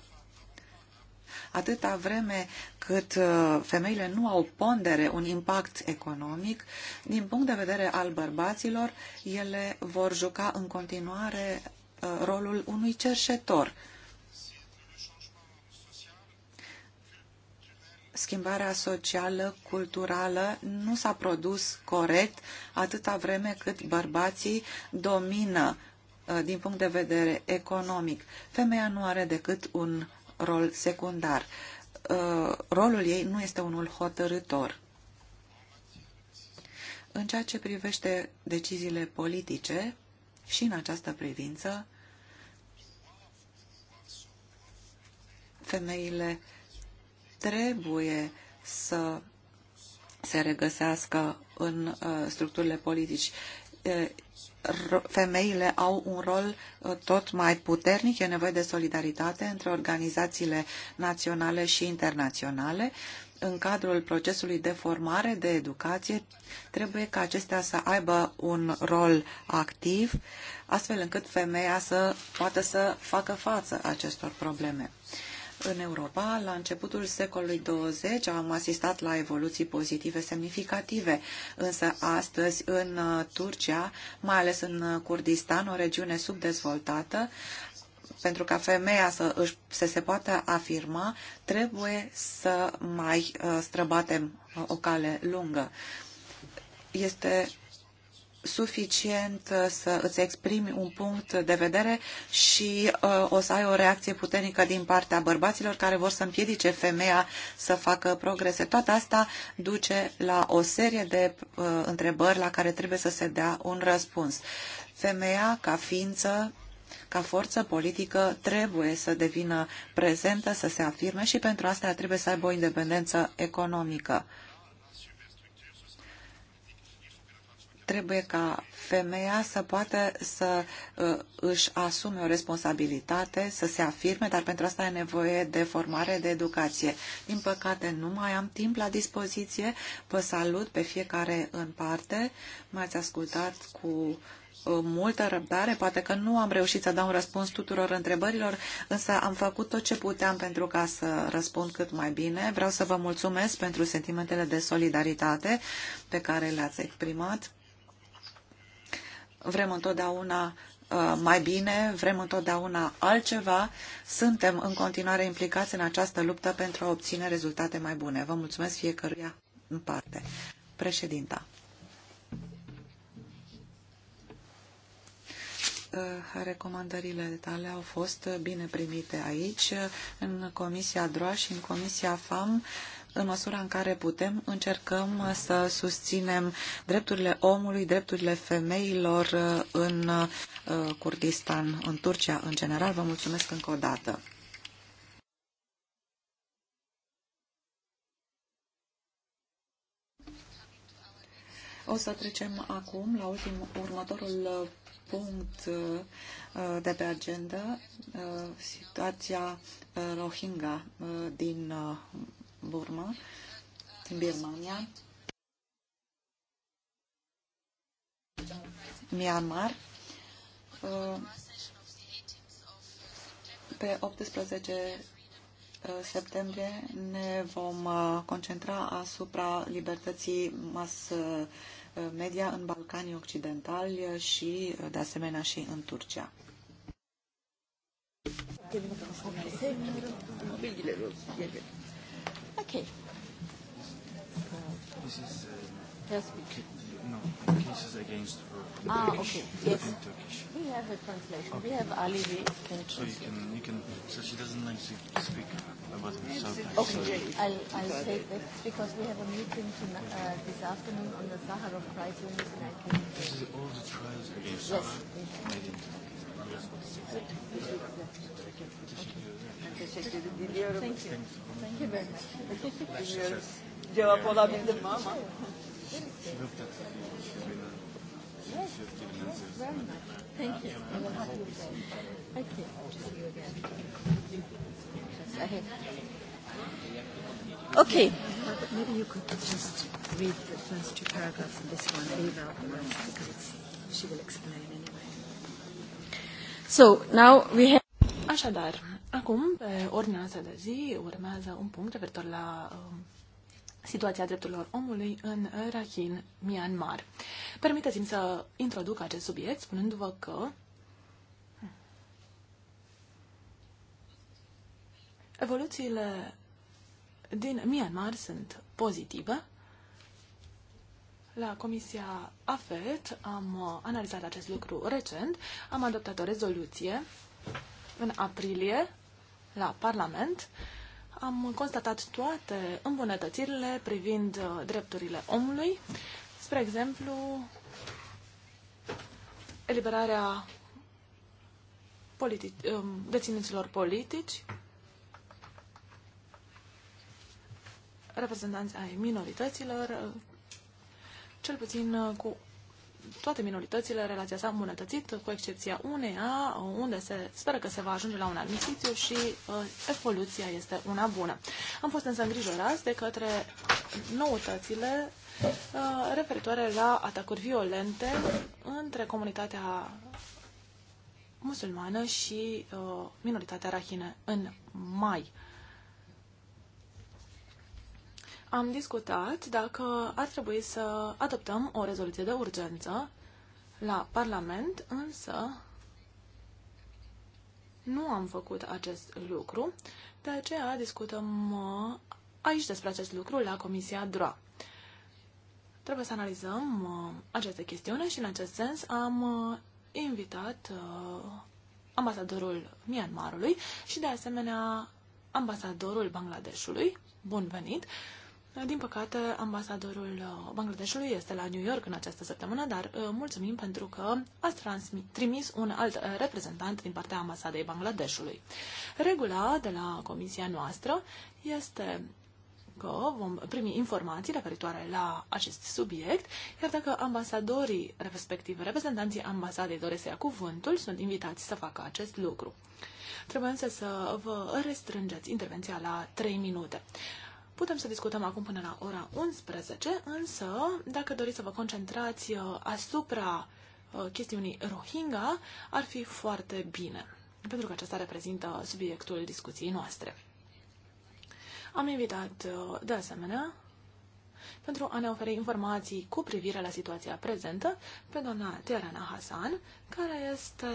atâta vreme cât uh, femeile nu au pondere, un impact economic, din punct de vedere al bărbaților, ele vor juca în continuare rolul unui cerșetor. schimbarea socială, culturală nu s-a produs corect atâta vreme cât bărbații domină uh, din punct de vedere economic. Femeia nu are decât un rol secundar. Uh, rolul ei nu este unul hotărător. În ceea ce privește deciziile politice, și în această privință, femeile uh, trebuie să se regăsească în uh, structurile politici. Uh, femeile au un rol uh, tot mai puternic, e nevoie de solidaritate între organizațiile naționale și internaționale. În cadrul procesului de formare, de educație, trebuie ca acestea să aibă un rol activ, astfel încât femeia să poată să facă față acestor probleme. În Europa, la începutul secolului 20, am asistat la evoluții pozitive semnificative, însă astăzi în uh, Turcia, mai ales în uh, Kurdistan, o regiune subdezvoltată, pentru ca femeia să, își, să se poată afirma, trebuie să mai uh, străbatem o cale lungă. Este suficient uh, să îți exprimi un punct de vedere și uh, o să ai o reacție puternică din partea bărbaților care vor să împiedice femeia să facă progrese. Toată asta duce la o serie de uh, întrebări la care trebuie să se dea un răspuns. Femeia, ca ființă, ca forță politică trebuie să devină prezentă, să se afirme și pentru asta trebuie să aibă o independență economică. Trebuie ca femeia să poată să uh, își asume o responsabilitate, să se afirme, dar pentru asta e nevoie de formare, de educație. Din păcate, nu mai am timp la dispoziție. Vă salut pe fiecare în parte. M-ați ascultat cu uh, multă răbdare, poate că nu am reușit să dau un răspuns tuturor întrebărilor, însă am făcut tot ce puteam pentru ca să răspund cât mai bine. Vreau să vă mulțumesc pentru sentimentele de solidaritate pe care le-ați exprimat vrem întotdeauna uh, mai bine, vrem întotdeauna altceva, suntem în continuare implicați în această luptă pentru a obține rezultate mai bune. Vă mulțumesc fiecăruia în parte. Președinta. Uh, recomandările tale au fost bine primite aici, în Comisia DROA și în Comisia FAM în măsura în care putem, încercăm să susținem drepturile omului, drepturile femeilor uh, în uh, Kurdistan, în Turcia în general. Vă mulțumesc încă o dată. O să trecem acum la ultim, următorul uh, punct de pe agenda, situația Rohingya din Burma, Birmania, Myanmar, pe 18 uh, septembrie ne vom uh, concentra asupra libertății mass uh, media în Balcanii Occidentali și, de asemenea, și în Turcia. Mobilile lor. Okay. This is uh, yes. no cases against her. Ah, Turkish, okay. Yes. In Turkish. We have a translation. Okay. We have Ali. We can so you can you can so she doesn't like to speak about herself. Okay, so I'll I'll say this because we have a meeting to, uh, this afternoon on the Sakharov Prize winners. This is all the trials against yes. Sarah. Yes. Teşekkür ediyorum. Thank you very much. Cevap olabildim mi ama. Okay. Maybe you could just read the first two paragraphs of this one leave out the rest because she will explain it. So, now we have... Așadar, acum, pe ordinea asta de zi, urmează un punct referitor la um, situația drepturilor omului în Rakhine, Myanmar. Permiteți-mi să introduc acest subiect spunându-vă că evoluțiile din Myanmar sunt pozitive, la Comisia AFET am uh, analizat acest lucru recent, am adoptat o rezoluție în aprilie la Parlament. Am constatat toate îmbunătățirile privind uh, drepturile omului, spre exemplu, eliberarea politi um, deținuților politici, reprezentanți ai minorităților, uh, cel puțin uh, cu toate minoritățile, relația s-a îmbunătățit, cu excepția uneia, unde se speră că se va ajunge la un armistițiu și uh, evoluția este una bună. Am fost însă îngrijorați de către noutățile uh, referitoare la atacuri violente între comunitatea musulmană și uh, minoritatea rahine în mai. Uh, am discutat dacă ar trebui să adoptăm o rezoluție de urgență la Parlament, însă nu am făcut acest lucru, de aceea discutăm uh, aici despre acest lucru la Comisia DROA. Trebuie să analizăm uh, aceste chestiune și în acest sens am uh, invitat ambasadorul Myanmarului și de asemenea ambasadorul Bangladeshului, bun venit, din păcate, ambasadorul uh, Bangladeshului este la New York în această săptămână, dar uh, mulțumim pentru că ați trimis un alt uh, reprezentant din partea ambasadei Bangladeshului. Regula de la comisia noastră este că vom primi informații referitoare la acest subiect, iar dacă ambasadorii, respectiv reprezentanții ambasadei doresc să ia cuvântul, sunt invitați să facă acest lucru. Trebuie însă să vă restrângeți intervenția la 3 minute. Putem să discutăm acum până la ora 11, însă dacă doriți să vă concentrați uh, asupra uh, chestiunii Rohingya, ar fi foarte bine, pentru că acesta reprezintă subiectul discuției noastre. Am invitat, uh, de asemenea, pentru a ne oferi informații cu privire la situația prezentă, pe doamna Tiarana Hasan, care este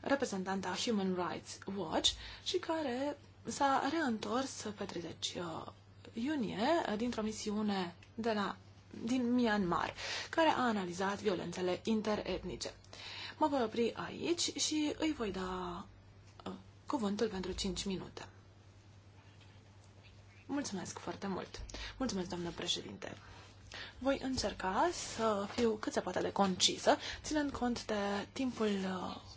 reprezentanta Human Rights Watch și care s-a reîntors pe 30 uh, iunie uh, dintr-o misiune de la, din Myanmar, care a analizat violențele interetnice. Mă voi opri aici și îi voi da uh, cuvântul pentru 5 minute. Mulțumesc foarte mult. Mulțumesc, doamnă președinte. Voi încerca să fiu cât se poate de concisă, ținând cont de timpul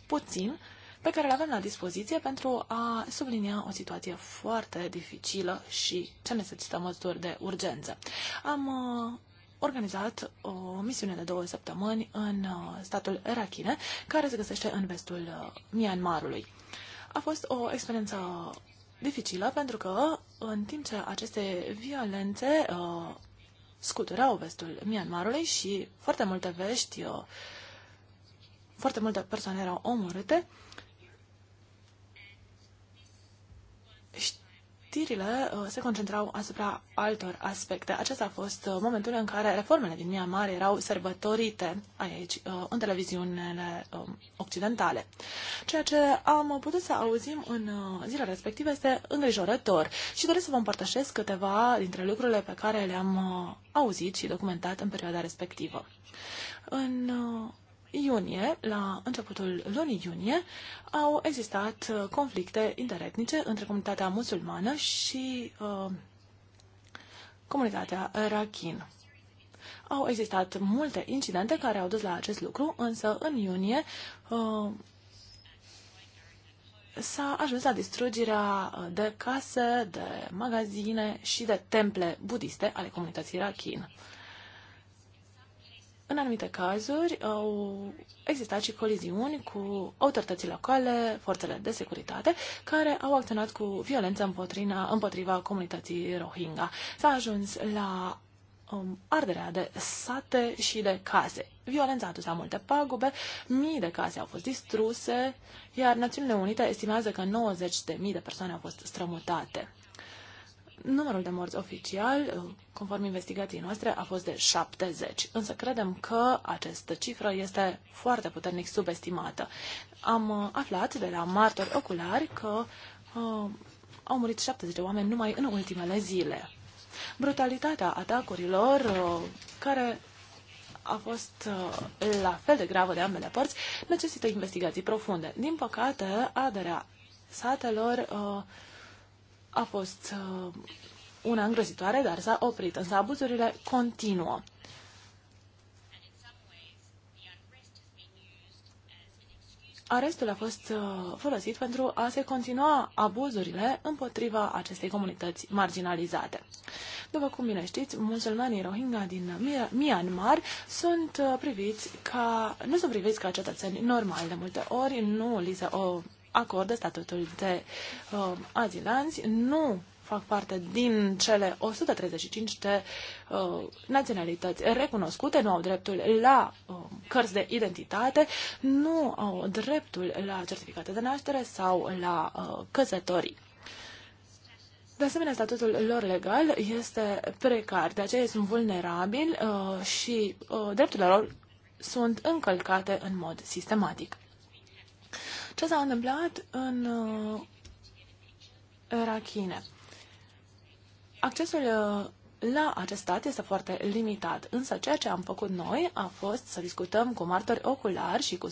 puțin pe care le avem la dispoziție pentru a sublinia o situație foarte dificilă și ce necesită măsuri de urgență. Am uh, organizat o misiune de două săptămâni în uh, statul Rakhine, care se găsește în vestul uh, Myanmarului. A fost o experiență dificilă pentru că în timp ce aceste violențe uh, scuturau vestul Myanmarului și foarte multe vești, uh, foarte multe persoane erau omorâte, știrile uh, se concentrau asupra altor aspecte. Acesta a fost uh, momentul în care reformele din Myanmar erau sărbătorite aici, uh, în televiziunile um, occidentale. Ceea ce am putut să auzim în zilele respective este îngrijorător și doresc să vă împărtășesc câteva dintre lucrurile pe care le-am auzit și documentat în perioada respectivă. În iunie, la începutul lunii iunie, au existat uh, conflicte interetnice între comunitatea musulmană și uh, comunitatea rakin. Au existat multe incidente care au dus la acest lucru, însă în iunie uh, s-a ajuns la distrugerea uh, de case, de magazine și de temple budiste ale comunității rakin în anumite cazuri au existat și coliziuni cu autoritățile locale, forțele de securitate, care au acționat cu violență împotriva, împotriva comunității Rohingya. S-a ajuns la um, arderea de sate și de case. Violența a dus la multe pagube, mii de case au fost distruse, iar Națiunile Unite estimează că 90.000 de mii de persoane au fost strămutate numărul de morți oficial, uh, conform investigației noastre, a fost de 70. Însă credem că această cifră este foarte puternic subestimată. Am uh, aflat de la martori oculari că uh, au murit 70 de oameni numai în ultimele zile. Brutalitatea atacurilor uh, care a fost uh, la fel de gravă de ambele părți, necesită investigații profunde. Din păcate, aderea satelor uh, a fost uh, una îngrozitoare, dar s-a oprit, însă abuzurile continuă. Arestul a fost uh, folosit pentru a se continua abuzurile împotriva acestei comunități marginalizate. După cum bine știți, musulmanii Rohingya din Myanmar sunt uh, priviți ca, nu sunt priviți ca cetățeni normali de multe ori, nu li se o acordă statutul de uh, azilanți nu fac parte din cele 135 de uh, naționalități recunoscute, nu au dreptul la uh, cărți de identitate, nu au dreptul la certificate de naștere sau la uh, căsătorii. De asemenea, statutul lor legal este precar, de aceea sunt vulnerabili uh, și uh, drepturile lor sunt încălcate în mod sistematic ce s-a întâmplat în uh, Rachine. Accesul uh, la acest stat este foarte limitat, însă ceea ce am făcut noi a fost să discutăm cu martori oculari și cu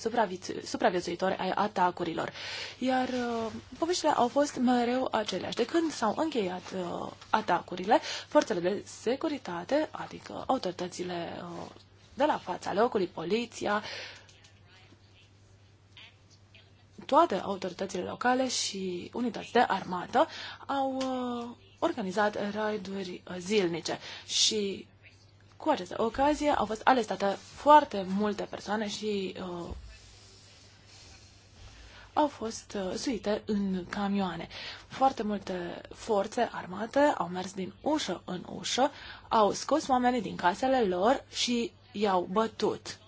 supraviețuitori ai atacurilor. Iar uh, poveștile au fost mereu aceleași. De când s-au încheiat uh, atacurile, forțele de securitate, adică autoritățile uh, de la fața locului, poliția, uh, toate autoritățile locale și unități de armată au uh, organizat raiduri zilnice și cu această ocazie au fost alestate foarte multe persoane și uh, au fost uh, suite în camioane. Foarte multe forțe armate au mers din ușă în ușă, au scos oamenii din casele lor și i-au bătut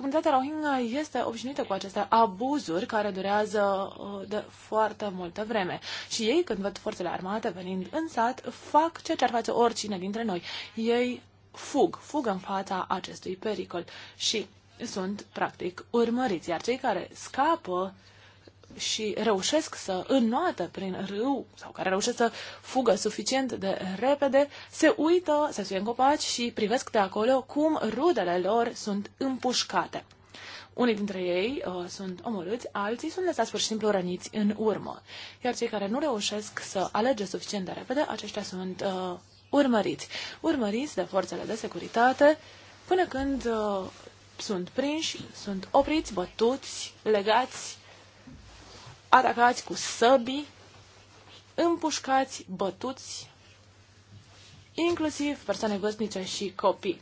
comunitatea Rohingya este obișnuită cu aceste abuzuri care durează uh, de foarte multă vreme. Și ei, când văd forțele armate venind în sat, fac ceea ce ar face oricine dintre noi. Ei fug, fug în fața acestui pericol și sunt, practic, urmăriți. Iar cei care scapă și reușesc să înnoată prin râu sau care reușesc să fugă suficient de repede, se uită, se suie în copaci și privesc de acolo cum rudele lor sunt împușcate. Unii dintre ei uh, sunt omorâți, alții sunt lăsați pur și simplu răniți în urmă. Iar cei care nu reușesc să alege suficient de repede, aceștia sunt uh, urmăriți. Urmăriți de forțele de securitate până când uh, sunt prinși, sunt opriți, bătuți, legați atacați cu săbii, împușcați, bătuți, inclusiv persoane vârstnice și copii.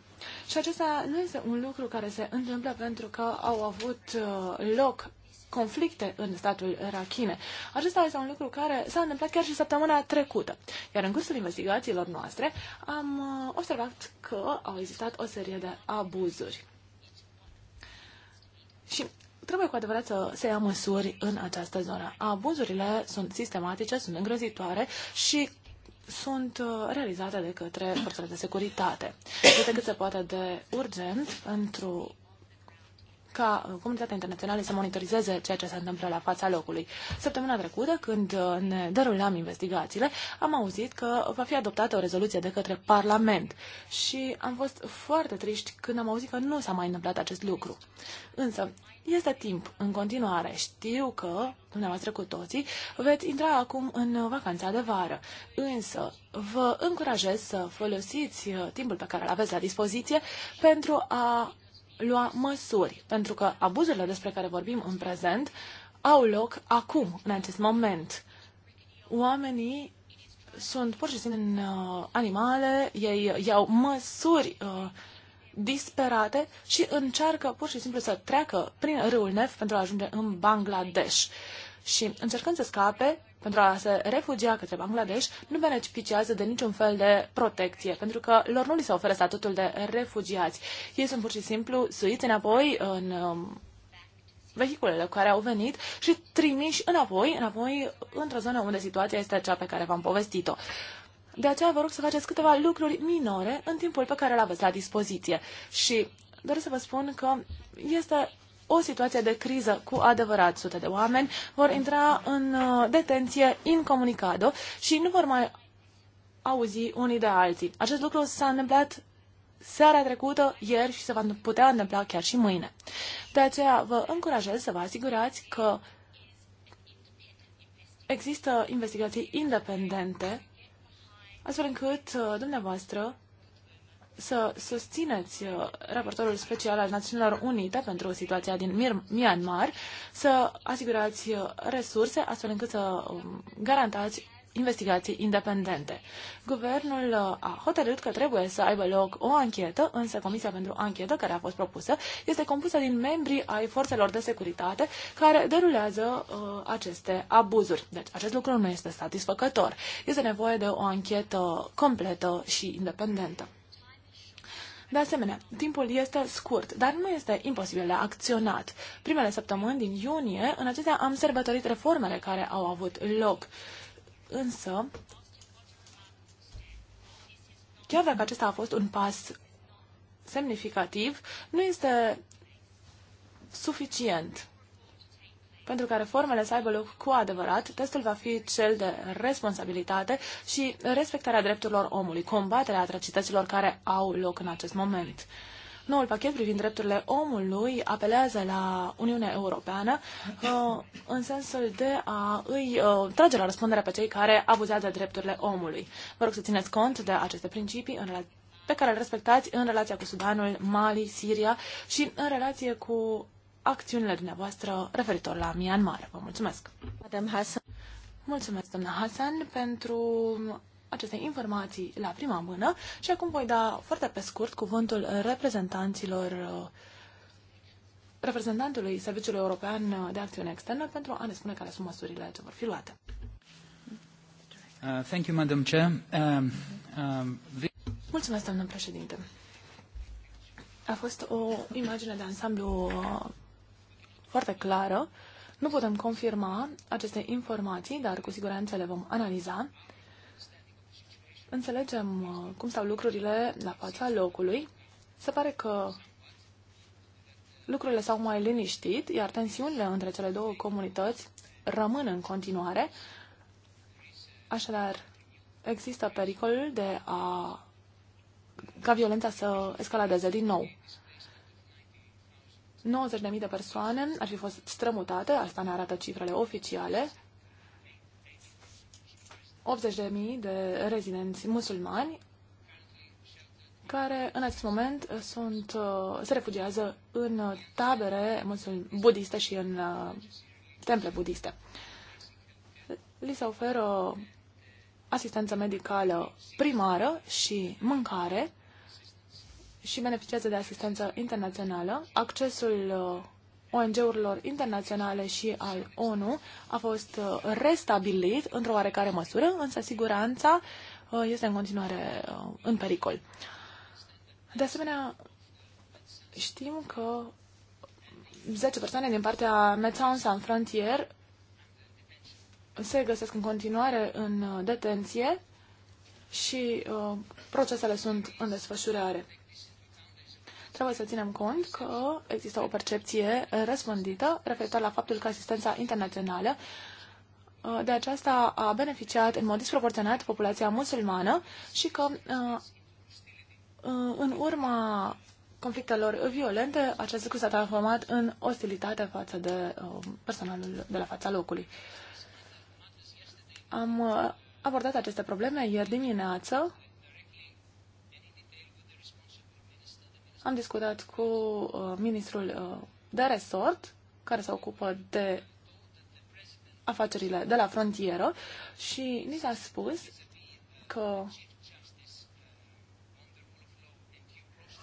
Și acesta nu este un lucru care se întâmplă pentru că au avut uh, loc conflicte în statul Rakhine. Acesta este un lucru care s-a întâmplat chiar și săptămâna trecută. Iar în cursul investigațiilor noastre am uh, observat că au existat o serie de abuzuri. Și trebuie cu adevărat să se ia măsuri în această zonă. Abuzurile sunt sistematice, sunt îngrozitoare și sunt uh, realizate de către forțele de securitate. Este cât se poate de urgent pentru ca uh, comunitatea internațională să monitorizeze ceea ce se întâmplă la fața locului. Săptămâna trecută, când uh, ne derulam investigațiile, am auzit că va fi adoptată o rezoluție de către Parlament și am fost foarte triști când am auzit că nu s-a mai întâmplat acest lucru. Însă, este timp în continuare. Știu că dumneavoastră cu toții veți intra acum în vacanța de vară, însă vă încurajez să folosiți uh, timpul pe care îl aveți la dispoziție pentru a lua măsuri, pentru că abuzurile despre care vorbim în prezent au loc acum, în acest moment. Oamenii sunt pur și simplu uh, animale, ei iau măsuri uh, disperate și încearcă pur și simplu să treacă prin râul Nef pentru a ajunge în Bangladesh. Și încercând să scape, pentru a se refugia către Bangladesh, nu beneficiază de niciun fel de protecție, pentru că lor nu li se oferă statutul de refugiați. Ei sunt pur și simplu suiți înapoi în um, vehiculele cu care au venit și trimiși înapoi, înapoi într-o zonă unde situația este cea pe care v-am povestit-o. De aceea vă rog să faceți câteva lucruri minore în timpul pe care îl aveți la dispoziție. Și doresc să vă spun că este o situație de criză cu adevărat. Sute de oameni vor intra în uh, detenție incomunicado și nu vor mai auzi unii de alții. Acest lucru s-a întâmplat seara trecută, ieri și se va putea întâmpla chiar și mâine. De aceea vă încurajez să vă asigurați că există investigații independente astfel încât uh, dumneavoastră să susțineți uh, raportorul special al Națiunilor Unite pentru situația din Myanmar, să asigurați uh, resurse astfel încât să um, garantați investigații independente. Guvernul uh, a hotărât că trebuie să aibă loc o anchetă, însă Comisia pentru Anchetă, care a fost propusă, este compusă din membri ai forțelor de securitate care derulează uh, aceste abuzuri. Deci acest lucru nu este satisfăcător. Este nevoie de o anchetă completă și independentă. De asemenea, timpul este scurt, dar nu este imposibil de acționat. Primele săptămâni din iunie, în acestea am sărbătorit reformele care au avut loc. Însă, chiar dacă acesta a fost un pas semnificativ, nu este suficient. Pentru ca reformele să aibă loc cu adevărat, testul va fi cel de responsabilitate și respectarea drepturilor omului, combaterea atrocităților care au loc în acest moment. Noul pachet privind drepturile omului apelează la Uniunea Europeană uh, în sensul de a îi uh, trage la răspundere pe cei care abuzează drepturile omului. Vă rog să țineți cont de aceste principii în pe care le respectați în relația cu Sudanul, Mali, Siria și în relație cu acțiunile dumneavoastră referitor la Myanmar. Vă mulțumesc! Madame Hassan. Mulțumesc, doamna Hassan, pentru aceste informații la prima mână și acum voi da foarte pe scurt cuvântul reprezentanților uh, reprezentantului Serviciului European de Acțiune Externă pentru a ne spune care sunt măsurile ce vor fi luate. Uh, thank you, Madam Chair. uh, vi- Mulțumesc, doamnă președinte. A fost o imagine de ansamblu uh, foarte clară. Nu putem confirma aceste informații, dar cu siguranță le vom analiza înțelegem uh, cum stau lucrurile la fața locului. Se pare că lucrurile s-au mai liniștit, iar tensiunile între cele două comunități rămân în continuare. Așadar, există pericolul de a ca violența să escaladeze din nou. 90.000 de persoane ar fi fost strămutate, asta ne arată cifrele oficiale, 80.000 de rezidenți musulmani care în acest moment sunt, uh, se refugiază în tabere budiste și în uh, temple budiste. Li se oferă asistență medicală primară și mâncare și beneficiază de asistență internațională. Accesul uh, ONG-urilor internaționale și al ONU a fost uh, restabilit într-o oarecare măsură, însă siguranța uh, este în continuare uh, în pericol. De asemenea, știm că 10 persoane din partea Médecins Sans Frontier se găsesc în continuare în detenție și uh, procesele sunt în desfășurare. Trebuie să ținem cont că există o percepție răspândită referitor la faptul că asistența internațională uh, de aceasta a beneficiat în mod disproporționat populația musulmană și că uh, uh, în urma conflictelor violente, acest lucru s-a transformat în ostilitate față de personalul de la fața locului. Am abordat aceste probleme ieri dimineață Am discutat cu uh, ministrul uh, de resort, care se ocupă de afacerile de la frontieră și ni s-a spus că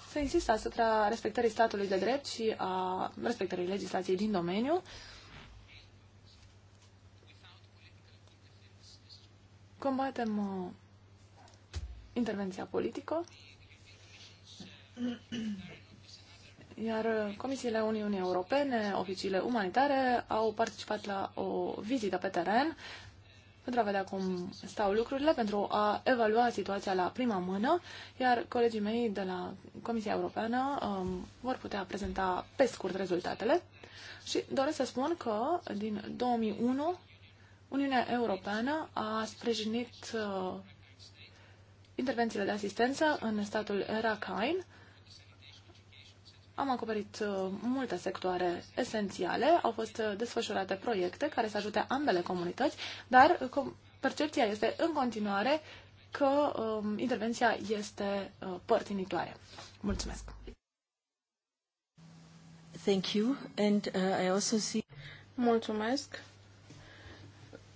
se insistă asupra respectării statului de drept și a respectării legislației din domeniu. Combatem uh, intervenția politică iar comisiile Uniunii Europene, oficiile umanitare, au participat la o vizită pe teren pentru a vedea cum stau lucrurile, pentru a evalua situația la prima mână, iar colegii mei de la Comisia Europeană um, vor putea prezenta pe scurt rezultatele. Și doresc să spun că din 2001 Uniunea Europeană a sprijinit uh, intervențiile de asistență în statul Rakhine, am acoperit uh, multe sectoare esențiale, au fost uh, desfășurate proiecte care să ajute ambele comunități, dar uh, percepția este în continuare că um, intervenția este părtinitoare. Mulțumesc! Thank you and uh, I also see... Mulțumesc!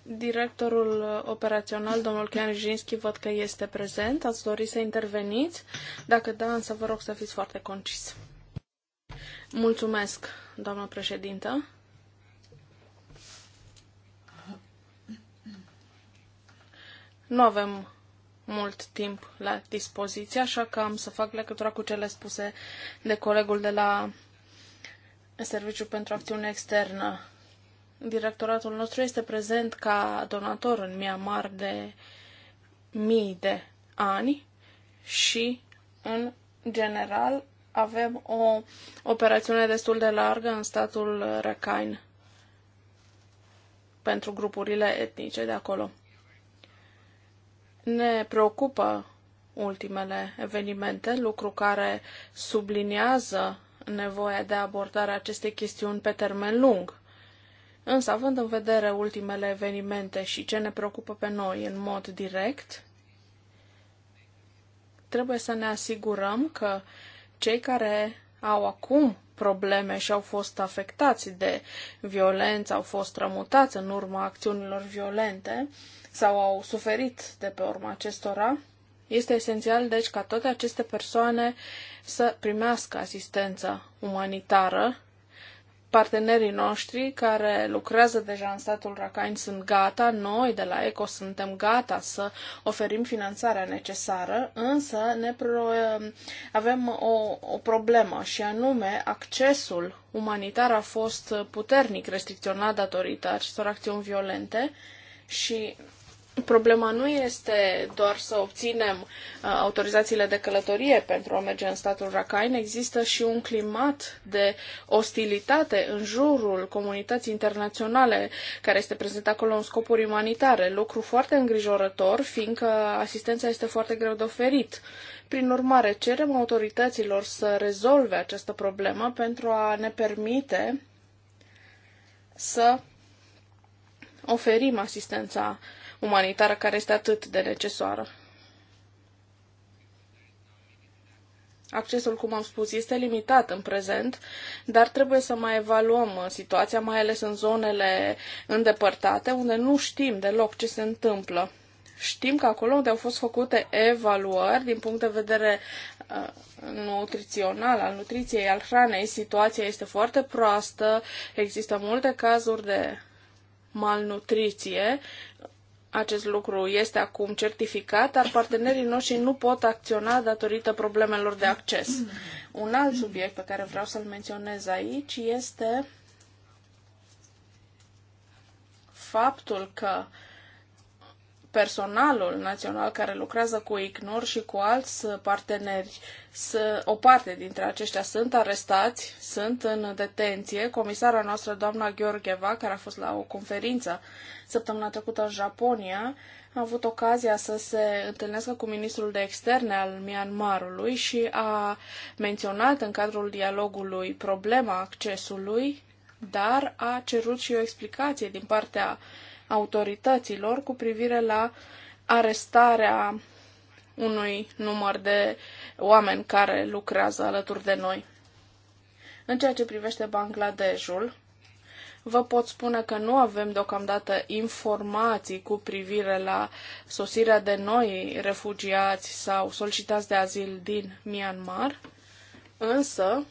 Directorul operațional, domnul Chian Jinski, văd că este prezent. Ați dori să interveniți? Dacă da, însă vă rog să fiți foarte concis. Mulțumesc, doamnă președintă. Nu avem mult timp la dispoziție, așa că am să fac legătura cu cele spuse de colegul de la Serviciul pentru Acțiune Externă. Directoratul nostru este prezent ca donator în Myanmar de mii de ani și, în general, avem o operațiune destul de largă în statul Rakhine pentru grupurile etnice de acolo. Ne preocupă ultimele evenimente, lucru care subliniază nevoia de abordare a acestei chestiuni pe termen lung. Însă, având în vedere ultimele evenimente și ce ne preocupă pe noi în mod direct, trebuie să ne asigurăm că cei care au acum probleme și au fost afectați de violență, au fost rămutați în urma acțiunilor violente sau au suferit de pe urma acestora, este esențial, deci, ca toate aceste persoane să primească asistență umanitară Partenerii noștri care lucrează deja în statul Rakhine sunt gata, noi de la ECO suntem gata să oferim finanțarea necesară, însă ne pro... avem o, o problemă și anume accesul umanitar a fost puternic restricționat datorită acestor acțiuni violente și Problema nu este doar să obținem uh, autorizațiile de călătorie pentru a merge în statul Rakhine, există și un climat de ostilitate în jurul comunității internaționale care este prezent acolo în scopuri umanitare, lucru foarte îngrijorător, fiindcă asistența este foarte greu de oferit. Prin urmare, cerem autorităților să rezolve această problemă pentru a ne permite să oferim asistența umanitară care este atât de necesară. Accesul, cum am spus, este limitat în prezent, dar trebuie să mai evaluăm uh, situația, mai ales în zonele îndepărtate, unde nu știm deloc ce se întâmplă. Știm că acolo unde au fost făcute evaluări din punct de vedere uh, nutrițional, al nutriției, al hranei, situația este foarte proastă, există multe cazuri de malnutriție acest lucru este acum certificat, dar partenerii noștri nu pot acționa datorită problemelor de acces. Un alt subiect pe care vreau să-l menționez aici este faptul că uh, personalul național care lucrează cu ICNUR și cu alți parteneri, o parte dintre aceștia sunt arestați, sunt în detenție. Comisara noastră, doamna Gheorgheva, care a fost la o conferință săptămâna trecută în Japonia, a avut ocazia să se întâlnească cu ministrul de externe al Myanmarului și a menționat în cadrul dialogului problema accesului, dar a cerut și o explicație din partea uh, autorităților cu privire la arestarea unui număr de oameni care lucrează alături de noi. În ceea ce privește Bangladeshul, vă pot spune că nu avem deocamdată informații cu privire la sosirea de noi refugiați sau solicitați de azil din Myanmar, însă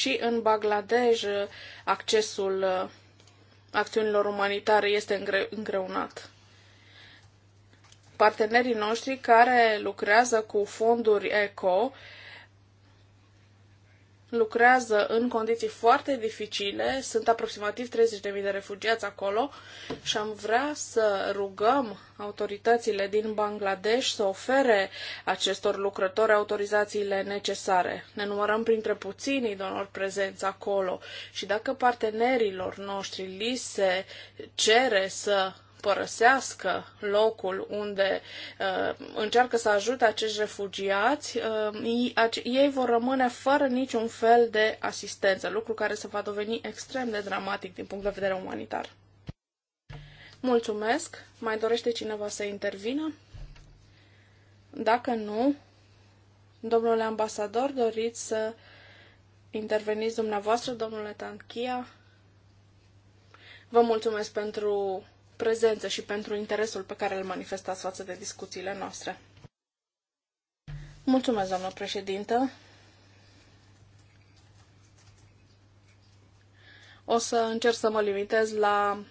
Și în Bangladesh accesul uh, acțiunilor umanitare este îngreunat. Partenerii noștri care lucrează cu fonduri ECO lucrează în condiții foarte dificile, sunt aproximativ 30.000 de refugiați acolo și am vrea să rugăm autoritățile din Bangladesh să ofere acestor lucrători autorizațiile necesare. Ne numărăm printre puținii donori prezenți acolo și dacă partenerilor noștri li se cere să părăsească locul unde uh, încearcă să ajute acești refugiați, uh, ei vor rămâne fără niciun fel de asistență, lucru care se va doveni extrem de dramatic din punct de vedere umanitar. Mulțumesc. Mai dorește cineva să intervină? Dacă nu, domnule ambasador, doriți să interveniți dumneavoastră, domnule Tanchia. Vă mulțumesc pentru prezență și pentru interesul pe care îl manifestați față de discuțiile noastre. Mulțumesc, doamnă președintă. O să încerc să mă limitez la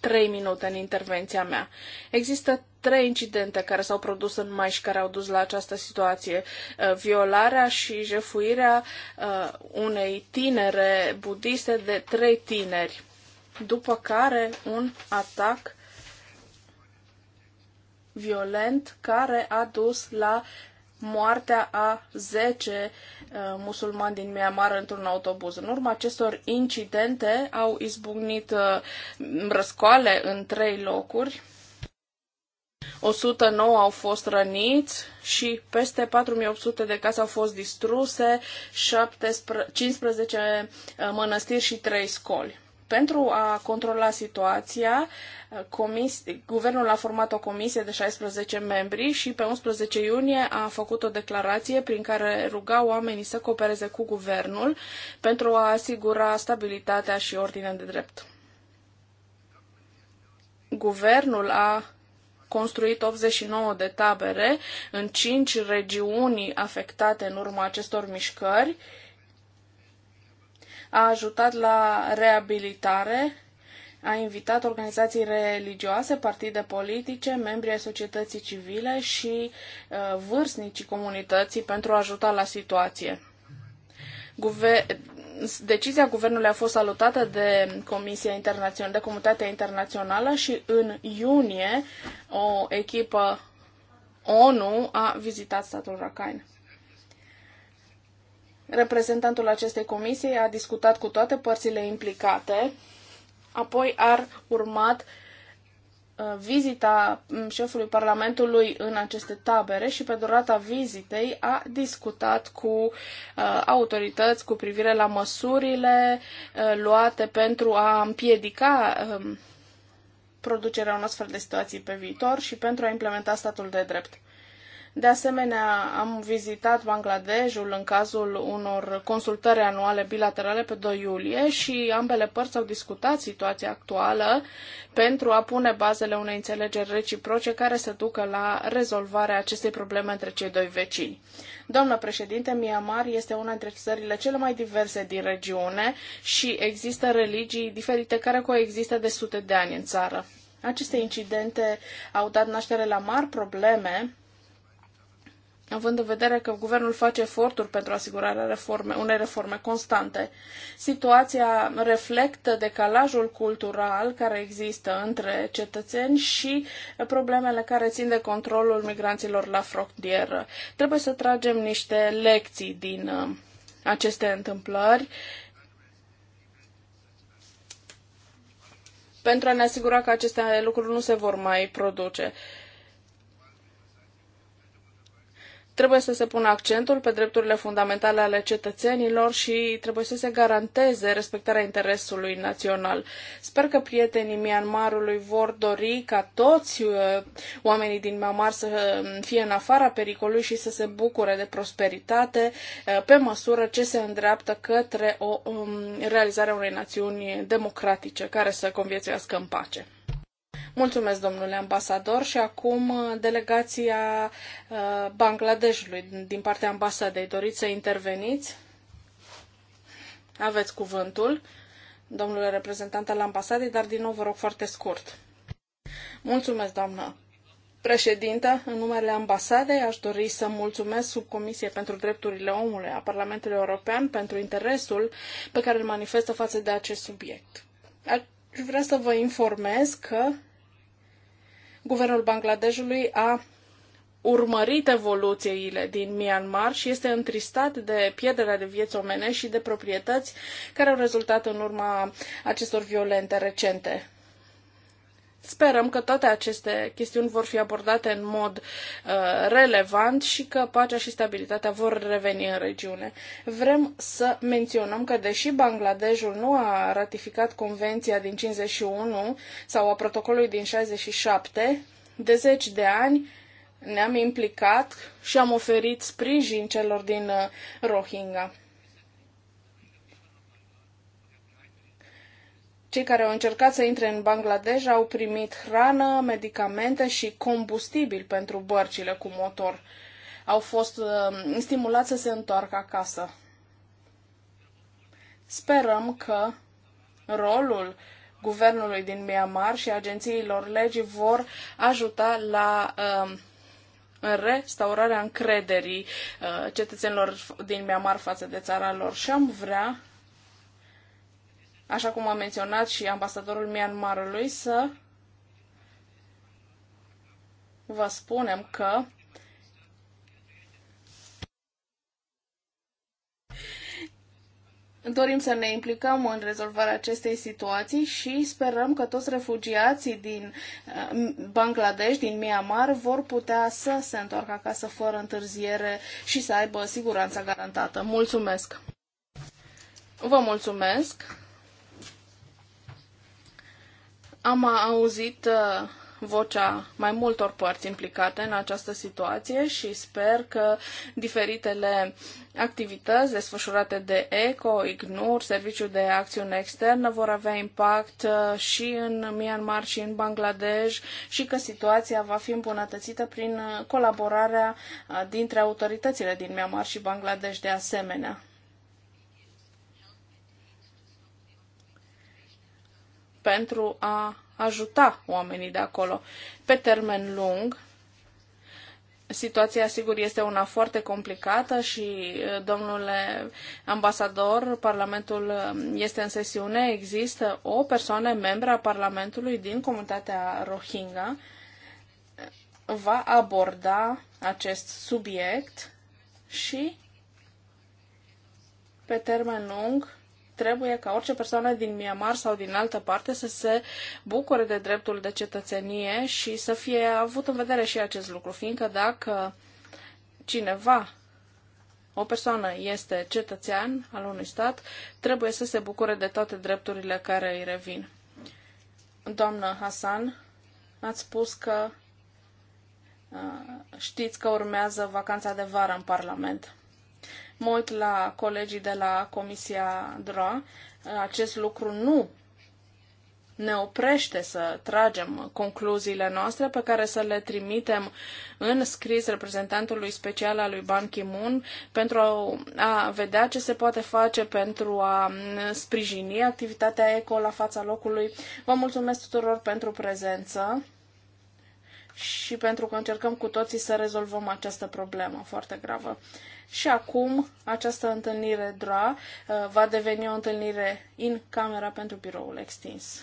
trei minute în intervenția mea. Există trei incidente care s-au produs în mai și care au dus la această situație. Uh, violarea și jefuirea uh, unei tinere budiste de trei tineri după care un atac violent care a dus la moartea a 10 uh, musulmani din Myanmar într-un autobuz. În urma acestor incidente au izbucnit uh, răscoale în trei locuri. 109 au fost răniți și peste 4800 de case au fost distruse, 15 uh, mănăstiri și 3 scoli. Pentru a controla situația, comis, guvernul a format o comisie de 16 membri și pe 11 iunie a făcut o declarație prin care ruga oamenii să coopereze cu guvernul pentru a asigura stabilitatea și ordinea de drept. Guvernul a construit 89 de tabere în 5 regiuni afectate în urma acestor mișcări a ajutat la reabilitare, a invitat organizații religioase, partide politice, membrii ai societății civile și uh, vârstnicii comunității pentru a ajuta la situație. Guver- decizia guvernului a fost salutată de Comisia Internațională, de Comunitatea Internațională și în iunie o echipă ONU a vizitat statul Rakhine. Reprezentantul acestei comisii a discutat cu toate părțile implicate, apoi ar urmat uh, vizita mm, șefului Parlamentului în aceste tabere și pe durata vizitei a discutat cu uh, autorități cu privire la măsurile uh, luate pentru a împiedica um, producerea unor astfel de situații pe viitor și pentru a implementa statul de drept. De asemenea, am vizitat Bangladeshul în cazul unor consultări anuale bilaterale pe 2 iulie și ambele părți au discutat situația actuală pentru a pune bazele unei înțelegeri reciproce care să ducă la rezolvarea acestei probleme între cei doi vecini. Doamnă președinte, Myanmar este una dintre țările cele mai diverse din regiune și există religii diferite care coexistă de sute de ani în țară. Aceste incidente au dat naștere la mari probleme având în vedere că guvernul face eforturi pentru asigurarea reforme, unei reforme constante. Situația reflectă decalajul cultural care există între cetățeni și problemele care țin de controlul migranților la frontieră. Trebuie să tragem niște lecții din uh, aceste întâmplări pentru a ne asigura că aceste lucruri nu se vor mai produce. Uh, Trebuie să se pună accentul pe drepturile fundamentale ale cetățenilor și trebuie să se garanteze respectarea interesului național. Sper că prietenii Myanmarului vor dori ca toți uh, oamenii din Myanmar să um, fie în afara pericolului și să se bucure de prosperitate uh, pe măsură ce se îndreaptă către o um, realizare a unei națiuni democratice care să conviețuiască în pace. Mulțumesc, domnule ambasador, și acum uh, delegația uh, Bangladeshului din partea ambasadei. Doriți să interveniți? Aveți cuvântul, domnule reprezentant al ambasadei, dar din nou vă rog foarte scurt. Mulțumesc, doamnă președintă, în numele ambasadei aș dori să mulțumesc subcomisiei pentru drepturile omului a Parlamentului European pentru interesul pe care îl manifestă față de acest subiect. Aș vrea să vă informez că Guvernul Bangladeshului a urmărit evoluțiile din Myanmar și este întristat de pierderea de vieți omenești și de proprietăți care au rezultat în urma acestor violente recente. Sperăm că toate aceste chestiuni vor fi abordate în mod uh, relevant și că pacea și stabilitatea vor reveni în regiune. Vrem să menționăm că deși Bangladeshul nu a ratificat convenția din 51 sau a protocolului din 67, de zeci de ani ne-am implicat și am oferit sprijin celor din uh, Rohingya. Cei care au încercat să intre în Bangladesh au primit hrană, medicamente și combustibil pentru bărcile cu motor. Au fost uh, stimulați să se întoarcă acasă. Sperăm că rolul guvernului din Myanmar și agențiilor legii vor ajuta la uh, restaurarea încrederii uh, cetățenilor din Myanmar față de țara lor și am vrea așa cum a menționat și ambasadorul Myanmarului, să vă spunem că Dorim să ne implicăm în rezolvarea acestei situații și sperăm că toți refugiații din uh, Bangladesh, din Myanmar, vor putea să se întoarcă acasă fără întârziere și să aibă siguranța garantată. Mulțumesc! Vă mulțumesc! Am auzit uh, vocea mai multor părți implicate în această situație și sper că diferitele activități desfășurate de ECO, IGNUR, Serviciul de Acțiune Externă vor avea impact uh, și în Myanmar și în Bangladesh și că situația va fi îmbunătățită prin uh, colaborarea dintre autoritățile din Myanmar și Bangladesh de asemenea. pentru a ajuta oamenii de acolo. Pe termen lung, situația, sigur, este una foarte complicată și, uh, domnule ambasador, Parlamentul uh, este în sesiune, există o persoană membră a Parlamentului din comunitatea Rohingya, uh, va aborda acest subiect și, pe termen lung, trebuie ca orice persoană din Myanmar sau din altă parte să se bucure de dreptul de cetățenie și să fie avut în vedere și acest lucru, fiindcă dacă cineva o persoană este cetățean al unui stat, trebuie să se bucure de toate drepturile care îi revin. Doamnă Hasan, ați spus că uh, știți că urmează vacanța de vară în Parlament mă uit la colegii de la Comisia DRA, acest lucru nu ne oprește să tragem concluziile noastre pe care să le trimitem în scris reprezentantului special al lui Ban Ki-moon pentru a vedea ce se poate face pentru a sprijini activitatea ECO la fața locului. Vă mulțumesc tuturor pentru prezență și pentru că încercăm cu toții să rezolvăm această problemă foarte gravă și acum această întâlnire DRA uh, va deveni o întâlnire în camera pentru biroul extins.